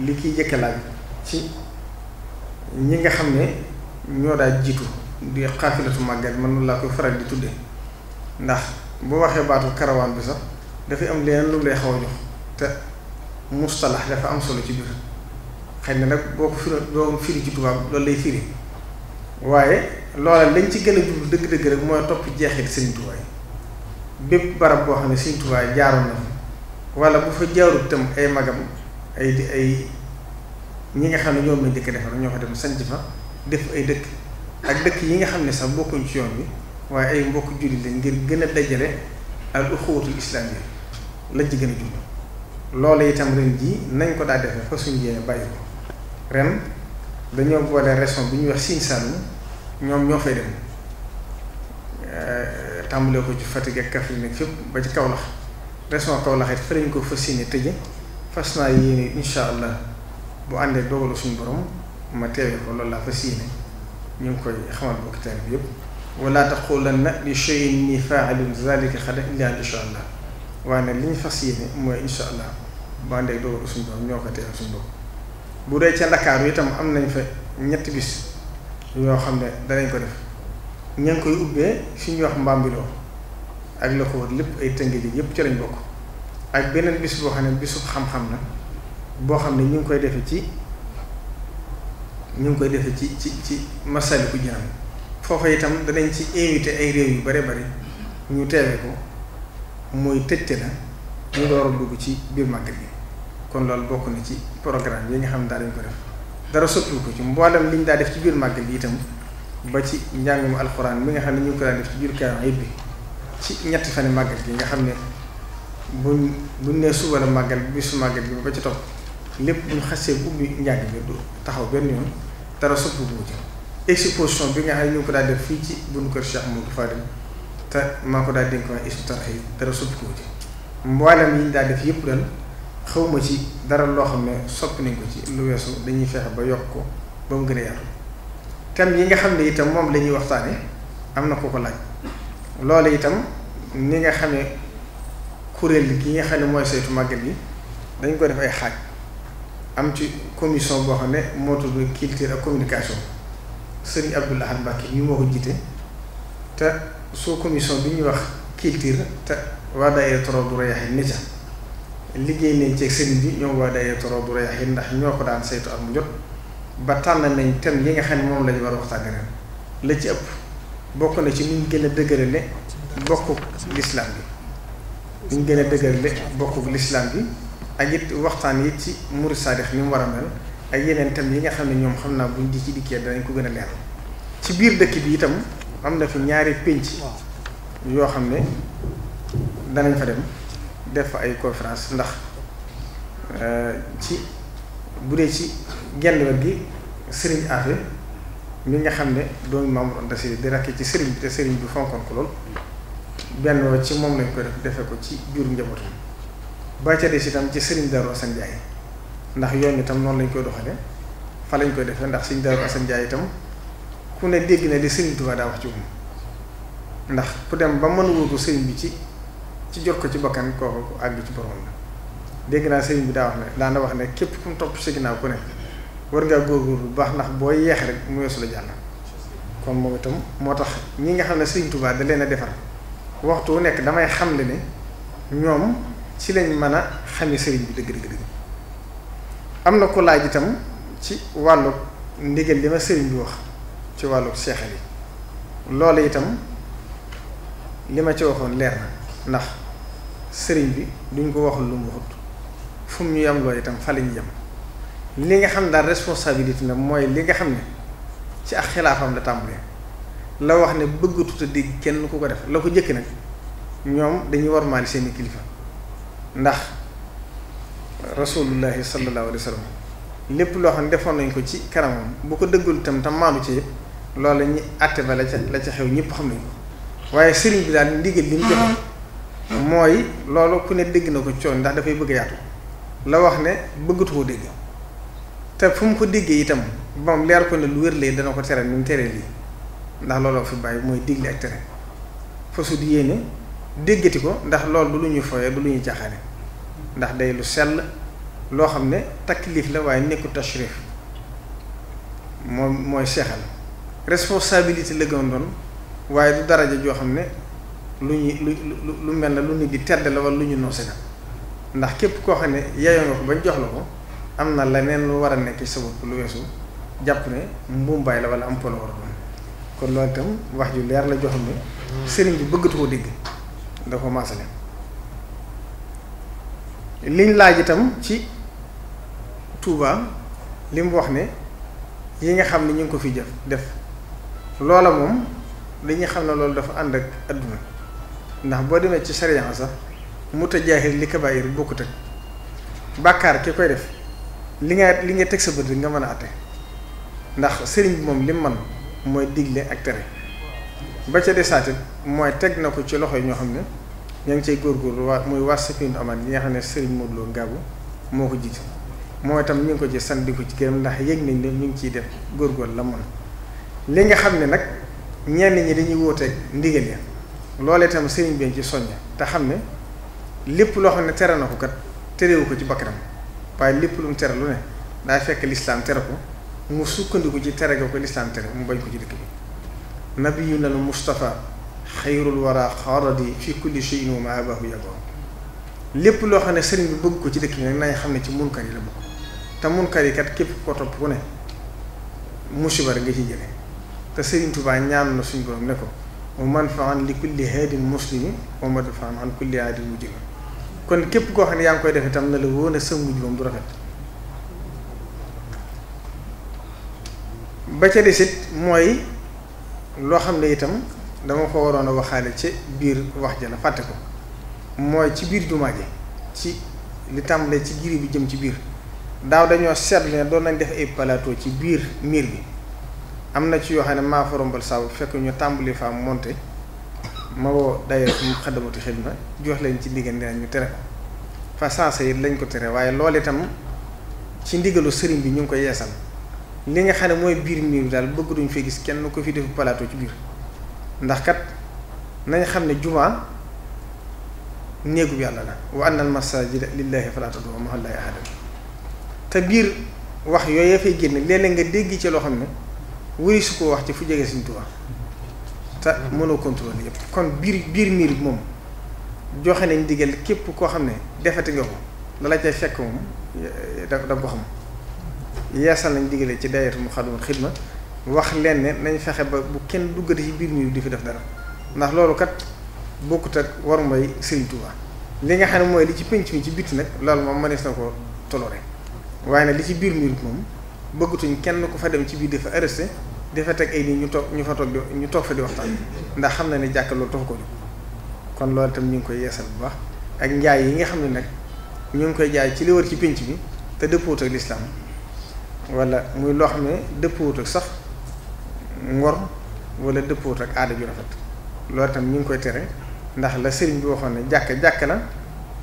[SPEAKER 1] li kiy jëkkalaat ci ñi nga xam ne ñoo daal jiitu di xaafilatu màggal man noonu laa koy faral di tudde ndax boo waxee baatu karawaan bi sax dafay am leen lu lay xaw a jox te mustalax dafa am solo ci biir xëy na nag boo ko firi doo firi ci tubaab loolu lay firi waaye loola lañ ci gën a jublu dëgg-dëgg rek mooy topp jeexit Sëriñ Tuubaa bépp barab boo xam ne Sëriñ Tuubaa jaaroon na fa wala bu fa jaarut tam ay magam ay ay ñi nga xam ne ñoom lañ dëkk defar ñoo ko dem sanc fa def ay dëkk ak dëkk yi nga xam ne sa bokkuñ ci yoon bi waaye ay mbokku jullit lañ ngir gën a dajale al uxuwatul islamiyya lañ ci gën a jublu loolu itam ren jii nañ ko daa defe fa suñ jéene bàyyi ko ren dañoo boole région bi ñuy wax Sine Saloum ñoom ñoo fay dem euh, tàmbulee ko ci Fatick ak Kaffrine ak fépp ba ci Kaolack région Kaolack it fa lañ ko fas yéene tëje fas naa yéene incha allah. bu àndee dogalu suñu borom ma teewee ko loolu laa fas yéene ñu ngi koy xamal bokk taal bi yëpp wala taqulanna li shay'in inni fa'ilun zalika xada illa insha allah waaye nag li ñu fas yéene mooy insha allah bu àndee dogalu suñu borom ñoo ko teewee suñu bopp bu dee ca Ndakaaru itam am nañ fa ñetti bis ñoo xam ne danañ ko def ña ngi koy ubbee fi ñuy wax Mbambiloo ak la ko wër lépp ay tënk ji yëpp ci lañ bokk ak beneen bis boo xam ne bisu xam na boo xam ne ñu ngi koy defe ci ñu ngi koy defe ci ci ci Massalikul Jinaan foofa itam danañ ci invité ay réew yu bare bari ñu teewe ko mooy tëjte la ñu door a dugg ci biir màggal gi kon loolu bokk na ci programme yi nga xam ne daal dañ ko def dara soppiwu ci mboolem li ñu daa def ci biir màggal bi itam ba ci njàngum alxuraan mi nga xam ne ñu ngi ko daan def ci biir karam it bi ci ñetti fani màggal gi nga xam ne buñ buñ nee suba la màggal bi bisu màggal gi ci topp lépp bu ñu xasee ubbi njàng mi du taxaw benn yoon dara soppi bu ci exposition bi nga xam ne ñu ko daal def fii ci buñu kër Cheikh Amadou Fadil te maa ko daal dénk waa ISRA dara soppi ko ci mboolem yi ñu daal def yëpp daal xawma ci dara loo xam ne soppi nañ ko ci lu weesu dañuy fexe ba yokk ko ba mu gën a yaatu thème yi nga xam ne itam moom lañuy waxtaane am na ko ko laaj loolu itam ni nga xamee kuréel ki nga xam ne mooy saytu màggal yi dañ ko def ay xaaj. am ci commission boo xam ne moo tudd culture ak communication Serigne Abdoul Ahad Mbacké ñu moo ko jiite te soo commission bi ñuy wax culture te waa daayira Torodu Rayaahin ne ca liggéey nañ ci Serigne bi ñoom waa daayira Torodu Rayaahin ndax ñoo ko daan saytu at jot ba tànn nañ thème yi nga xam ne moom la war a waxtaanee ren la ci ëpp bokk na ci niñ gën a dëgërale bokkuk lislaam bi niñ gën a dëgërale bokkuk lislaam bi. ak it waxtaan yi ci murid saadix ni mu war a mel ay yeneen tam yi nga xam ne ñoom xam naa buñ di ci dikkee danañ ko gën a leer ci biir dëkk bi itam am na fi ñaari pénc yoo xam ne danañ fa dem def fa ay conférence ndax euh, ci bu dee ci genn wet gi sëriñ Afe mi nga xam ne doomu Maam Mor Anta Saly di rakk ci sëriñ bi te sëriñ bi fonkoon ko lool benn ci moom lañ ko def defe ko ci biir njabootam ba ca des itam ci sëriñ Darou Assane Ndiaye ndax yoon itam noonu lañ koy doxale fa lañ koy defe ndax sëriñ Darou Assane Ndiaye itam ku ne dégg na li sëriñ Touba daa wax ci moom ndax ku dem ba mën wóotu sëriñ bi ci ci jot ko ci bakkan kooku àgg ci borom la dégg naa sëriñ bi daa wax ne daana wax ne képp ku mu topp si ginnaaw ne war ngaa góorgóorlu bu baax ndax boo yeex rek mu weesu la jàll kon moom itam moo tax ñi nga xam ne sëriñ Touba da leen a defar waxtu nekk damay xam ne ne ñoom. ci lañ mën a xamee sëriñ bi dëgg dëgg dëgg am na ko laaj itam ci wàllu ndigal li ma sëriñ bi wax ci wàllu seexal yi loolu itam li ma ci waxoon leer na ndax sëriñ bi duñ ko waxul lu mu waxut fu ñu yam loolu itam fa ñu yam li nga xam daal responsabilité la mooy li nga xam ne ci ak xilaafam la tàmbule la wax ne bëggatut a dégg kenn ku ko def la ko jëkk nag ñoom dañuy war warmaali seeni kilifa ndax rasulullahi sallallahu alayhi wa sallam lépp loo xam ne defoon nañ ko ci kanamam bu ko dëggul itam tam maanu ci loolu la ñuy àtte ba la ca la ca xew ñëpp xam nañ ko waaye sëriñ bi daal ndigal li mu joxe mooy loolu ku ne dégg na ko coon ndax dafay bëgg yaatu la wax ne bëggatu koo dégg te fu mu ko déggee itam ba mu leer ko ne lu wér lee dana ko tere ni mu teree lii ndax looloo fi bàyyi mooy digle ak tere fasu yéene déggati ko ndax loolu du lu ñuy fooyee du lu ñuy jaxaane ndax day lu sell loo xam ne taklif la waaye nekku tashrif moom mooy seexal responsabilité la gën doon waaye du daraja joo xam ne lu ñu lu lu mel na lu nit di tedd la wala lu ñu noose la ndax képp koo xam ne yeyoo ko bañ jox la ko am na neen lu war a nekk sa bopp lu weesu jàpp ne mbuumbaay la wala am po war a kon loolu itam wax ju leer la jox xam ne sëriñ bi bëggatu koo dégg dafa maasale liñ laaj itam ci Touba li mu wax ne yi nga xam ne ñu ngi ko fi jëf def loola moom li dañuy xam ne loolu dafa ànd ak adduna ndax boo demee ci sariya sax mu ta jaaxir li kabaayir bokkut ak bàkkaar ki koy def li nga li nga teg sa bët nga mën a àtte ndax sëriñ bi moom lim man mooy digle ak tere ba ca desaatit mooy teg na ko ci loxo yi ñoo xam ne ña ngi cay góorgóorlu waa muy waa Safinul Aman ñi nga xam ne Serigne Modou Lo Ngabou moo ko jiite moo itam ñu ngi ko ci sant di ko ci gërëm ndax yëg nañ ne ñu ngi ciy def góorgóorlu la mën li nga xam ne nag ñenn ñi dañuy wóoteeg ndigal ya loolee itam Serigne bi ci soññ te xam ne lépp loo xam ne tere na ko kat terewu ko ci bakkanam waaye lépp lu mu tere lu ne daa fekk lislaam tere ko mu sukkandiku ci tere ga ko lislaam tere mu bañ ko ci dëkk bi nabiyuna xayrul wara xaaradi fi kulli shay'in wa maabahu yabo lépp loo xam ne sëriñ bi bëgg ko ci dëkk bi nañ xam ne ci munkar yi la bokk te munkar yi kat képp ko topp ku ne musiba nga ci jële te sëriñ Tuubaa ñaan na suñ borom ne ko man manfaan li kulli haadin muslimi wa madfaan an kulli haadin mujrim kon képp koo xam ne yaa ngi koy def itam na la wóor ne sa mujj moom du rafet ba ca desit mooy loo xam ne itam dama ko waroon a waxaale ci biir wax ja la fàtte ko mooy ci biir jumaa ji ci li tàmbalee ci giri bi jëm ci biir daaw dañoo seetlu ne doon nañ def ay plateau ci biir miir bi am na ci yoo xam ne ma fa rombal saabu fekk ñu tàmbali faa monté ma woo dayoo mu xaddamatu na jox leen ci ndigal ñu tere ko fa sensé yi lañ ko tere waaye loolu itam ci ndigalu sëriñ bi ñu ngi ko yeesal li nga xam ne mooy biir miir bi daal bëgg duñ fee gis kenn ko fi def plateau ci biir. ndax kat nañ xam ne jumaa néegub yàlla la wa anna al masajida lillahi fala tad'u ma'a allahi ahadan te biir wax yooyee fay génn léeg nga dégg ci loo xam ne wuri su ko wax ci fu jege Sëriñ Tuubaa te mënoo contrôler yëpp kon biir biir miir moom joxe nañ digal képp koo xam ne defati nga ko lala cay fekk moom da da ko xam yeesal nañ digale ci daayatu Muxaddamatul Xidma wax leen ne nañ fexe ba bu kenn duggati ci biir ñu di fi def dara ndax loolu kat bokkut ak war mbay Sëriñ Tuubaa li nga xam ne mooy li ci penc mi ci bitti nag loolu moom mënees na ko tolore waaye nag li ci biir miir moom bëggatuñ kenn ku fa dem ci biir dafa arrêté dafa teg ay nit ñu toog ñu fa toog di ñu toog fa di waxtaan ndax xam na ni jàkk loolu taxu ko jóg kon loolu tam ñu ngi koy yeesal bu baax ak njaay yi nga xam ne nag ñu ngi koy jaay ci li ci penc bi te dëppoot ak lislaam wala muy loo xam ne dëppoot sax ngor wala dëppoot ak aada ju rafet loolu tam ñu ngi koy tere ndax la sëriñ bi waxoon ne jàkka jàkka la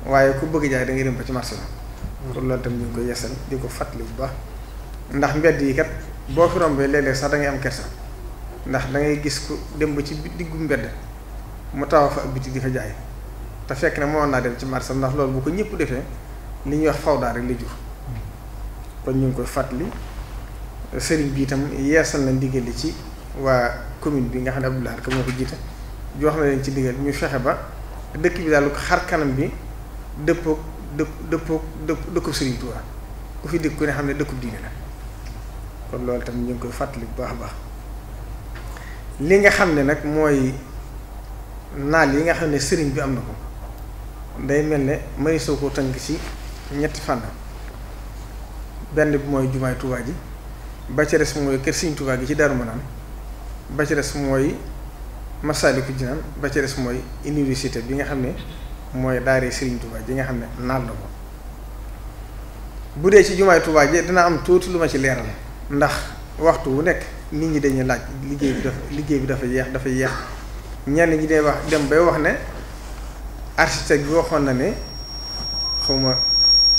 [SPEAKER 1] waaye ku bëgg jaay da ngay dem ba ci marché la kon loolu tam ñu ngi koy yeesal di ko fàttali bu baax ndax mbedd yi kat boo fi rombee sax da ngay ndax da ngay gis ku dem ba ci diggu mbedd mu taw fa ak biti di fa jaay te fekk na mënoon naa dem ci marché ndax loolu bu ko ñëpp defee li ñuy wax fawdaa rek la jur kon ñu ngi koy fàttali sëriñ bi itam yeesal na ndigal li ci waa commune bi nga xam ne Abdou Lahad Ka moo ko jiite jox na leen ci ndigal ñu fexe ba dëkk bi daal xar kanam bi dëppook dëpp dëppook dëpp dëkkub Serigne Touba ku fi dëkk ko ne xam ne dëkkub diine kon loolu tamit ñu koy fàttali bu baax baax li nga xam ne nag mooy naal yi nga xam ne sëriñ bi am na ko day mel ne may soo ko tënk ci ñetti fànn benn bi mooy jumaay Touba ji ba ca des mooy kër Serigne Touba gi ci Darou Manane ba ci des mooy Masaalikul Jinaan ba ci des mooy université bi nga xam ne mooy daaree Serigne Touba ji nga xam ne naal na ko bu dee ci jumaay Touba ji dina am tuuti lu ma ci leeral ndax waxtu wu nekk nit ñi dañuy laaj liggéey bi dafa liggéey bi dafa yeex dafa yeex ñenn ñi day wax dem bay wax ne architecte bi waxoon na ne xaw ma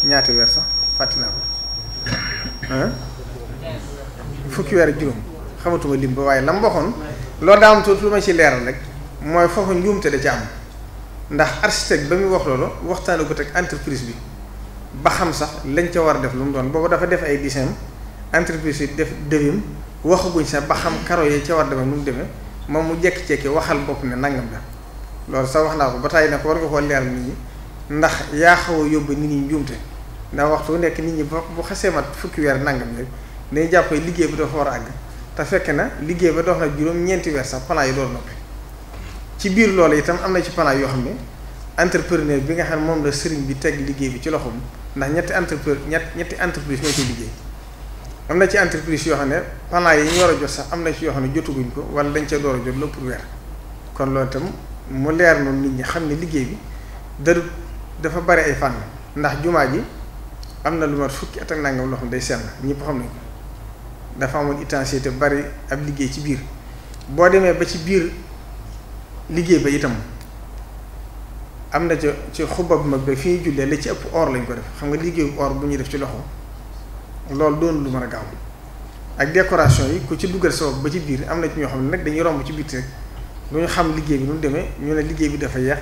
[SPEAKER 1] ñaati weer sax fàtte naa ko fukki weer juróom. xamatuma lim ba waaye la mu waxoon loolu daa am tuuti lu ma ci leeral rek mooy foofu njuumte da ci am ndax architecte ba muy wax loolu waxtaanee ko teg entreprise bi ba xam sax lañ ca war def lu mu doon boobu dafa def ay dessin entreprise yi def dëbim waxaguñ sax ba xam karo yi ca war a demee mu demee moom mu jekki-jekki waxal bopp ne nangam la loolu sax wax naa ko ba tàyyi ne ko war nga koo leeral nit ñi ndax yaa xaw a yóbbu nit ñi njuumte ndax waxtu nekk nit ñi bu xasee mat fukki weer nangam rek dañuy jàpp liggéey bi dafa war a àgg. te fekk na liggéey ba dox na juróom-ñeenti weer sax plan yi loolu noppi ci biir loolu itam am na ci plan yoo xam ne entrepreneur bi nga xam ne moom la sëriñ bi teg liggéey bi ci loxoom ndax ñetti entrepreneur ñett ñetti entreprise ñoo ciy liggéey am na ci entreprise yoo xam ne plan yi ñu war a jot sax am na ci yoo xam ne jotaguñ ko wala dañ cee door a jot lépp pour weer kon loolu itam mu leer noonu nit ñi xam ne liggéey bi dër dafa bari ay fànn ndax jumaa ji am na lu mat fukki at ak nangam loo xam ne xam nañ dafa amoon intensité te bari ab liggéey ci biir boo demee ba ci biir liggéey ba itam am na ca ci xubba bu mag ba fi ñu jullee la ci ëpp or lañ ko def xam nga liggéeyu or bu ñu def ci loxo loolu doon lu mën a gaaw ak décoration yi ku ci dugal sa ba ci biir am na ci ñoo xam ne nag dañuy romb ci biir rek lu ñu xam liggéey bi nu mu demee ñu ne liggéey bi dafa yeex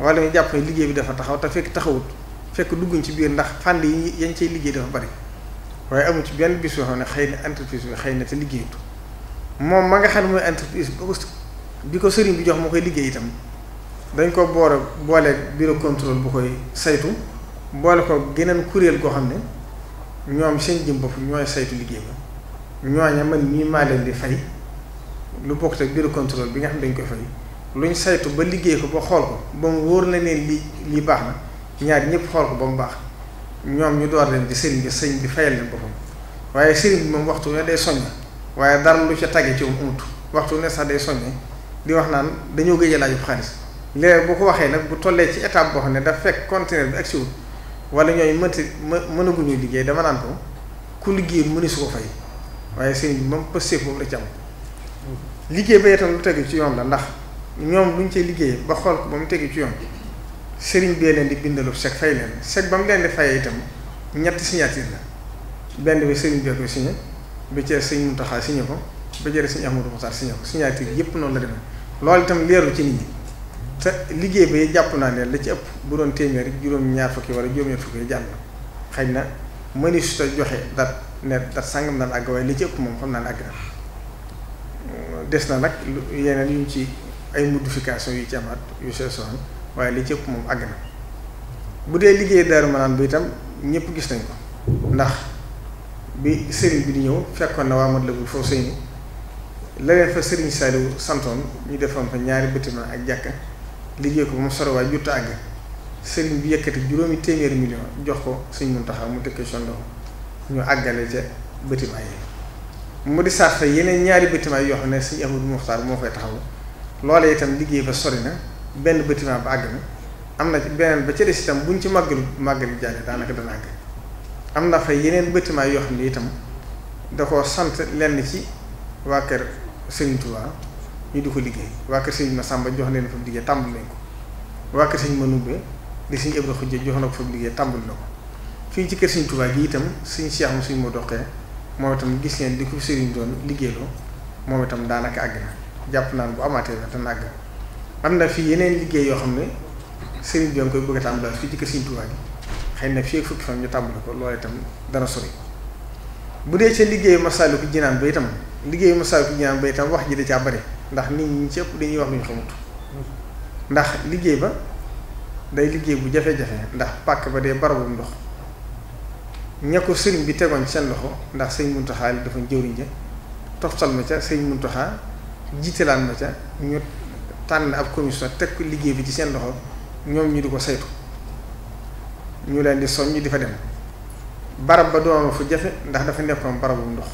[SPEAKER 1] wala ñu jàpp ne liggéey bi dafa taxaw te fekk taxawut fekk dugguñ ci biir ndax fànn yi yañ cay liggéey dafa bari waaye amu ci benn bis yoo xam ne xëy na entreprise bi xëy na te liggéeyatu moom ma nga xam ne mooy entreprise ba bi ko sëriñ bi jox moo koy liggéey itam dañ ko boore boole bureau contrôle bu koy saytu boole ko geneen kuréel goo xam ne ñoom seen jëm bopp ñooy saytu liggéey ba ñooña man mii maa leen di fay lu bokk ak bureau contrôle bi nga xam ne dañ koy lu luñ saytu ba liggéey ko ba xool ko ba mu wóor na leen lii lii baax na ñaar ñëpp xool ko ba mu baax. ñoom ñu door leen di sëriñ bi sëriñ bi fayal leen boppam waaye sëriñ bi moom waxtu ne day soññ waaye dara lu ca tagge ci moom amut waxtu ne sax day soññe di wax naan dañoo gëj a laajub xaalis léegi bu ko waxee nag bu tollee ci étape boo xam ne dafa fekk conteneur bi ak siwul wala ñooy mënti mënaguñu liggéey dama naan ko ku liggéey mëni su ko fay waaye sëriñ bi moom pëstéef boobu la ci liggéey ba itam lu tegu ci yoon la ndax ñoom luñ cee liggéey ba xool ko ba ci yoon sëriñ bee leen di bindalub chèque fay leen chèque ba mu leen di fayee itam ñetti signature la benn bi sëriñ bee koy signé bi ci sëriñ Mountakha signé ko ba jëre sëriñ Ahmadou Moukhtar signé ko signature yëpp noonu la demee loolu itam leerul ci nit ñi te liggéey bi jàpp naa ne la ci ëpp bu doon téeméer juróom-ñaar fukki wala juróom-ñaar fukki yi jàll xëy na mëni su ta joxe dat ne dat sàngam naan àgg waaye li ci ëpp moom xam naa ne àgg na des na nag yeneen yu ci ay modification yu ci amaat waaye li ci ëpp moom àgg na bu dee liggéey Daaru Manaan bi itam ñëpp gis nañ ko ndax bi sëriñ bi di ñëw fekkoon na waa Matlaboul Fawzayni la leen fa sëriñ Saliou santoon ñu defoon fa ñaari bâtiment ak jàkk liggéey ko ba mu sore waaye jutta àgg sëriñ bi yëkkati juróomi téeméeri million jox ko mun taxaw mu tëkkee sondo ñu àggale ca bâtiment yi mu di saat fa yeneen ñaari bâtiment yoo xam ne Sëriñ Ahmadou Muxtaar moo koy taxaw loolee itam liggéey ba sori na benn bâtiment ba àgg na am na beneen ba ca des itam buñ ci màggalu màggali jàllee daanaka dana àgg am na fa yeneen bâtiment yoo xam ne itam lenn ci waa kër Serigne Touba ñu di ko liggéey waa kër Serigne Massamba jox leen fa liggéey tàmbali nañ ko waa kër Serigne Manoumbe di Serigne Ibra Khoudia jox na ko fa liggéey fii ci kër Serigne Touba gi itam Serigne Cheikh mu Serigne moo doxee moom itam gis ngeen di ko Serigne doon liggéeyloo moom itam daanaka àgg na jàpp naan bu amaatee ba dana àgg. am na fi yeneen liggéey yoo xam ne sëriñ bi nga koy bëgg a tàmbali fii ci kër Sëriñ Tuubaa gi xëy na fii ak fukki fan ñu tàmbali ko loolu itam dana sori bu dee ca liggéeyu Masaalikul Jinaan ba itam liggéeyu Masaalikul Jinaan ba itam wax ji de caa bari ndax nit ñi ci ëpp dañuy wax lu ñu xamut ndax liggéey ba day liggéey bu jafe-jafe ndax pàkk ba dee barabu ndox ña ko sëriñ bi tegoon ci seen loxo ndax sëñ Muntaxa li dafa jëwriñ ja toftal ma ca sëñ Muntaxa jiitalaan ma tànn ab commission teg ko liggéey bi ci seen loxo ñoom ñu di ko saytu ñu leen di soññ di fa dem barab ba doon fu jafe ndax dafa nekkoon barabu ndox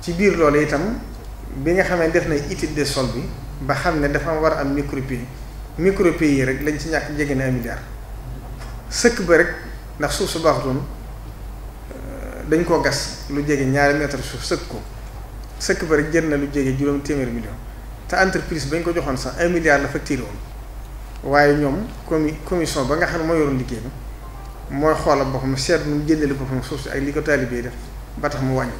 [SPEAKER 1] ci biir loolu itam bi nga xamee def na étude de sol bi ba xam ne dafa war a am micropaye micropaye yi rek lañ ci ñàkk jege na un milliard sëkk ba rek ndax suuf su baaxutoon euh, dañ koo gas lu jege ñaari mètre suuf sëkk ko sëkk ba rek jël na lu jege juróom téeméeri million te entreprise bañ ko joxoon sax un milliard la facturé waaye ñoom comi commission ba nga xam ne mooy yoroon liggéey bi mooy xoolal boppam seet nu mu jëndale boppam suuf si ak li ko taalibee def ba tax mu wàññi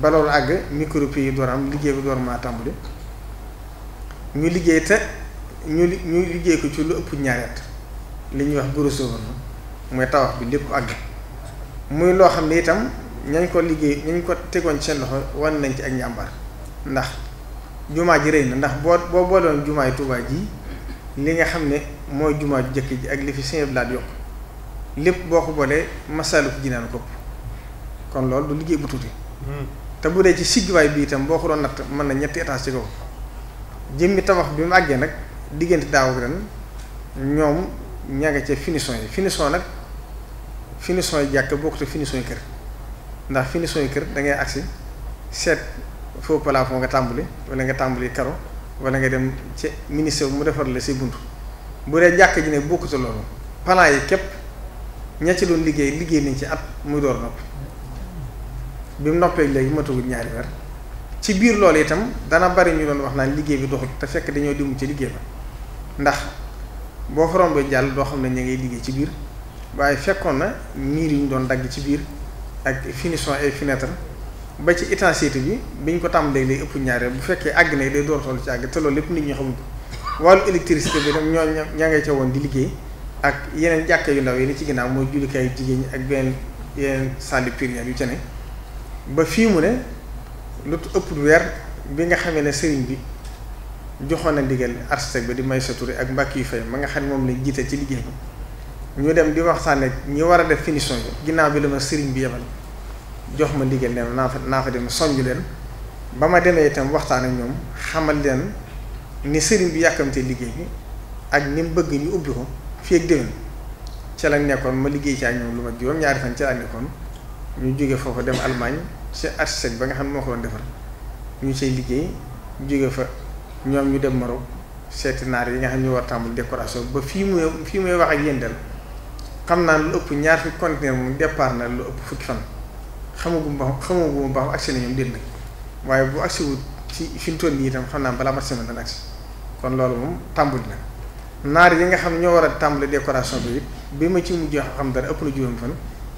[SPEAKER 1] ko àgg microprix yi door am liggéey bi door maa tàmbali ñu liggéey te ñu ñu liggéey ko ci lu ëpp ñaareet li ñuy wax grosso modo mooy tawax bi lépp àgg muy loo xam ne itam ñañ ko liggéey ñu ko tegoon seen loxo wan nañ ci ak njàmbaar ndax jumaa ji rëy na ndax boo boo booloon jumaay Tuubaa jii li nga xam ne mooy jumaa ju jëkk ji ak li fi Sëñ Abdu yokk lépp boo ko boolee Masaalikul Jinaan kopp kon loolu du liggéey bu tuuti hmm. te bu dee ci siggiwaay bi itam boo ko doon natt mën na ñetti étage ci kaw jëmmi tabax bi mu àggee nag diggante daaw ren ñoom ña nga ca yi finition nag finition yi jàkk bokkut ak finition yi kër ndax finition yi kër da agsi seet faux plafond nga tàmbali wala nga tàmbali karo wala nga dem ci ministère mu defar la say bunt bu dee jàkk ji ne bokkute loolu plan yi képp ña ci doon liggéey liggéey nañ ci at muy door nopp bi mu noppee léegi matagul ñaari weer ci biir loolu itam dana bari ñu doon wax naan liggéey bi doxul te fekk dañoo dimu ci liggéey ba ndax boo fa rombee jàll doo xam ne ñu ngay liggéey ci biir waaye fekkoon na miir yi ñu doon dagg ci biir ak finition ay ba ci intensité bi biñ ko tàmbalee lay ëpp ñaareel bu fekkee àgg na day door toll ci àgg te loolu lépp nit ñi xamuñ ko wàllu électricité bi tam ñoo ña ngay ca woon di liggéey ak yeneen jàkka yu ndaw yi li ci ginnaaw mooy jullikaay jigéen ñi ak benn yeneen salle yu ca ne ba fii mu ne lu ëpp weer bi nga xamee ne sëriñ bi joxoon na ndigal architecte bi di may sa Touré ak mbàkk yu fay ma nga xam ne moom lañ jiite ci liggéey bi ñu dem di wax ak ñi war a def finition yi ginnaaw bi la ma sëriñ bi yebal. jox ma ndigal naa fa naa fa dem soññ leen ba ma demee itam waxtaan ak ñoom xamal leen ni sëriñ bi yàkkamtee liggéey bi ak ni mu bëgg ñu ubbi ko fii ak déwén ca la nekkoon ma liggéey ci ak lu ma juróom-ñaari fan ca lañ ñu jóge foofu dem Allemagne ci ba nga xam ne moo ko defar ñu cay liggéey jóge fa ñoom ñu dem Maroc seeti naar yi nga xam ñu war tàmbali décoration ba fii muy fii muy wax ak yéen del xam naa lu ëpp ñaar fi conteneur moom départ na lu ëpp fukki fan. xamagum ba xamagum ba agsi na ñoom déet na waaye bu agsi wut ci fi mu toll nii itam xam naa balaa mat semaine dana agsi kon loolu moom tàmbali na naar yi nga xam ñoo war a tàmbali décoration bi it bi ma ci mujj xam dara ëpp na juróom fan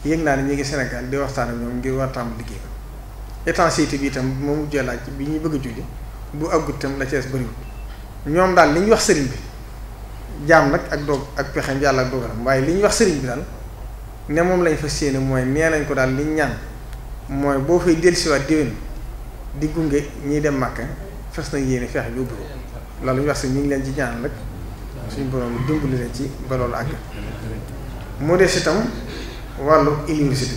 [SPEAKER 1] yëg naa ne ñu ngi Sénégal waxtaan ak ñoom ngir war a tàmbali liggéey ba étanchéité bi itam moo mujjee laaj bi ñuy bëgg a julli bu àggut itam la cees bëriwul ñoom daal li ñu wax sëriñ bi jaam nag ak doog ak pexem yàlla ak dogalam waaye li ñu wax sëriñ bi daal ne moom lañ fas yéene mooy nee nañ ko daal liñ ñaan mooy boo fay dellusiwaat déwén di gunge ñiy dem Màkka fes na yéene feex bi ubbi ko loolu ñu wax si ñu ngi leen ci ñaan rek suñu borom dimbali leen ci ba loolu àgg mu des itam wàllu université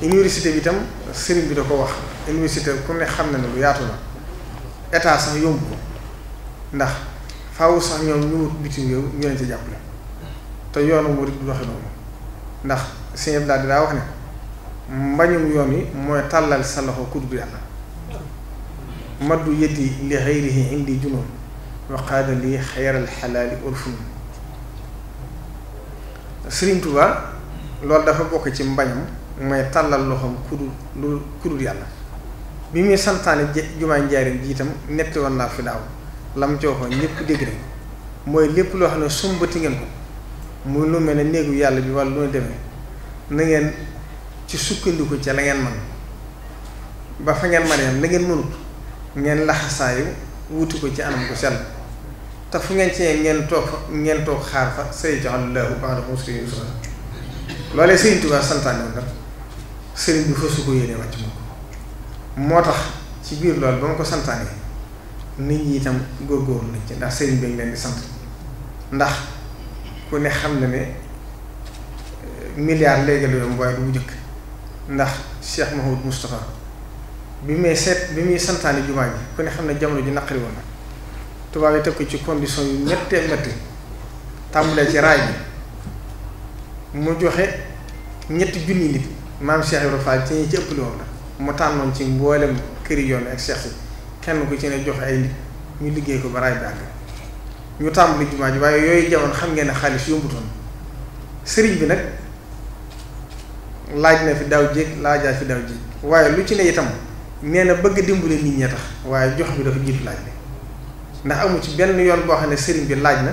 [SPEAKER 1] bi université bi itam sëriñ bi da ko wax université ku ne xam na ne lu yaatu na état sax yomb ko ndax faaw sax ñoom ñu wut bitim réew ñu leen ci jàppale te yoonu murid du waxe noonu ndax sëñ Abdou daa wax ne mbañum yoon yi mooy tàllal sa loxo ku dul yàlla maddu yeddi li xayrihi indi junoon wa qaada li xayral xalaali urfun Sëriñ Tuba loolu dafa bokk ci mbañam mooy tàllal loxoom ku dul yàlla bi muy santaane jumaa njaarim ji itam netti woon naa fi daaw lam ci waxoon ñëpp dégg mooy lépp loo xam ne sumbati ngeen ko muy lu mel ne néegu yàlla bi wala lu ne demee na ci sukkandiku ca la ngeen man ba fa ngeen mën la ngeen mënut ngeen laxasaayu wuti ko ci anam gu sell te fu ngeen ci ngeen toog ngeen toog xaar fa sayaj'alu llaahu ba'da usrin yusra loolee Sëriñ Tuubaa santaane woon daf sëriñ ko yéene wàcc moom moo tax ci biir loolu ba ma ko santaane nit ñi itam góorgóorlu ndax sëriñ bi ngi leen di sant ndax ku ne xam na ne eh, milliard léegi la yomb waaye du bu njëkk ndax Cheikh Mahmoud Moustapha bi muy seet bi muy santaane jumaa ji ku ne xam ne jamono ji naqari woon na tubaab yi teg ko ci condition yu méttee métti tàmbulee ci raay bi mu joxe ñetti junni nit maam Cheikh Ibrahima ci ñi ci ëppale woon mu tànnoon ci mboolem këri yoon ak Cheikh yi kenn ku ci ne joxe ay nit ñu liggéey ko ba raay bi àgg ñu tàmbali jumaa ji waaye yooyu jamono xam ngeen ne xaalis yombutoon sëriñ bi nag laaj na fi daaw jéeg laajaa fi daaw jéeg waaye lu ci ne itam nee na bëgg dimbale nit ñi tax waaye jox bi dafa jiitu laaj bi ndax amu ci benn yoon boo xam ne sëriñ bi laaj na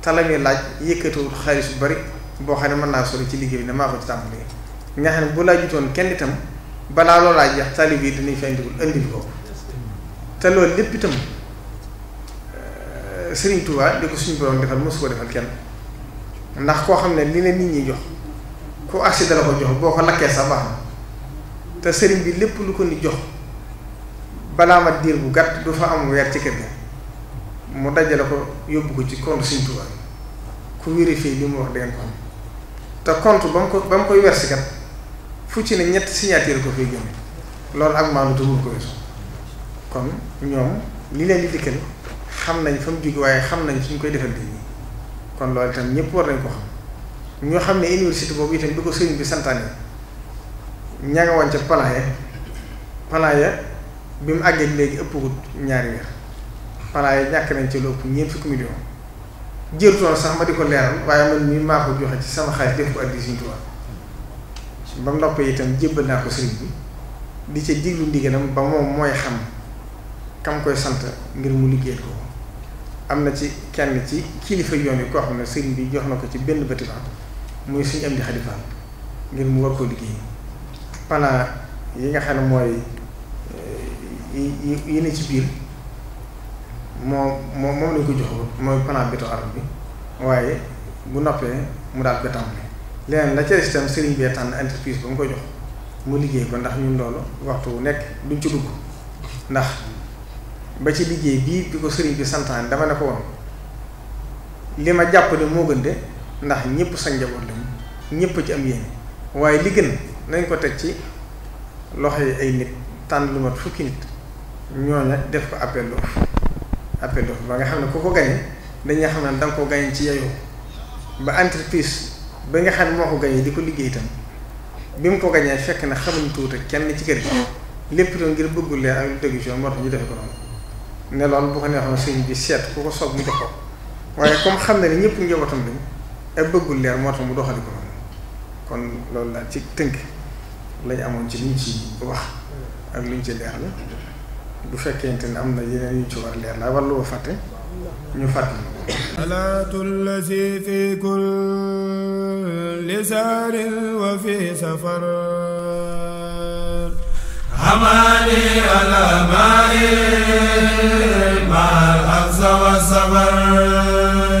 [SPEAKER 1] te la laaj yëkkatiwul xaalis bu bari boo xam ne mën naa sori ci liggéey bi ne maa ko ci tàmbali nga xam ne bu laajutoon kenn itam balaa loo laaj yax taalib yi dinañ fa indiwul indi ko te loolu lépp itam euh, sëriñ Touba di ko suñu borom defal mosu ko defal kenn ndax koo xam ne li ne nit ñi jox. ku agsi dala ko jox boo ko lakkee sa baax na te sëriñ bi lépp lu ko ni jox balaa ma diir bu gàtt du fa am weer ci kër ga mu dajale ko yóbbu ko ci compte Sëriñ Tuubaa ku vérifié li mu wax dangeen ko xam te fu ci ne ñett signature ko fay génne loolu ak maam te ko kon ñoom li leen di dikkal xam nañ fa mu jóge waaye xam nañ suñ koy defal di kon loolu itam ñëpp war nañ ko xam ñoo xam ne université boobu itam bi ko sëriñ bi santaane ña nga woon ca ya plan ya bi mu àggee léegi ëpp wut ñaari weer plan ya ñàkk nañ ci lu ëpp ñeent fukki million jërtoon sax ma di ko leeral waaye man mii maa ko joxe ci sama xaalis def ko addi Sëriñ Tuubaa ba mu noppee itam jébbal naa ko sëriñ bi di ca diglu ndigalam ba moom mooy xam kam koy sant ngir mu liggéey ko am na ci kenn ci kilifa yoon yi koo xam ne sëriñ bi jox na ko ci benn bâtiment muy suñu am di xalifa ngir mu war koo liggéey pana yi nga xam ne mooy eh, yi yi yi ci biir moom moom moom lañ ko joxoon mooy pana béton arab bi waaye bu noppee mu daal ko tàmbali leneen la ca itam sëriñ bee tànn entreprise ba mu ko jox mu liggéey ko ndax ñun loolu waxtu wu nekk duñ ci dugg ndax ba ci liggéey bii bi ko sëriñ bi santaan dama ne ko woon li ma jàpp ne moo gën de ndax ñëpp sa njaboot la ñëpp ci am yéene waaye li gën nañ ko teg ci loxo yi ay nit tànn lu mat fukki nit ñooña def ko appel d'offre appel d'offre ba nga xam ne ku ko gañe dañuy xam ne da nga ko gañe ci yeyoo ba entreprise ba nga xam ne moo ko gañee di ko liggéey itam bi mu ko gañee fekk na xamuñ tuuta kenn ci kër gi lépp doon ngir bëggul leer ak lu dëgg ci yoon moo tax ñu defe ko noonu ne loolu bu ko neexoon sëñ bi seet ku ko soog mu jox ko waaye comme xam ne ne ñëpp njabootam lañ ak bëggul leer moo tax mu doxali kon loolu daal ci tënk lañ amoon ci liñ ci wax ak luñ ci leer la bu fekkente ne am na yeneen yuñ ci war leer la wala lu fàtte ñu fàtte salaatu llazi fi kulli saarin wa fi safar amaani ala ma'i ma'al aqsa wa sabar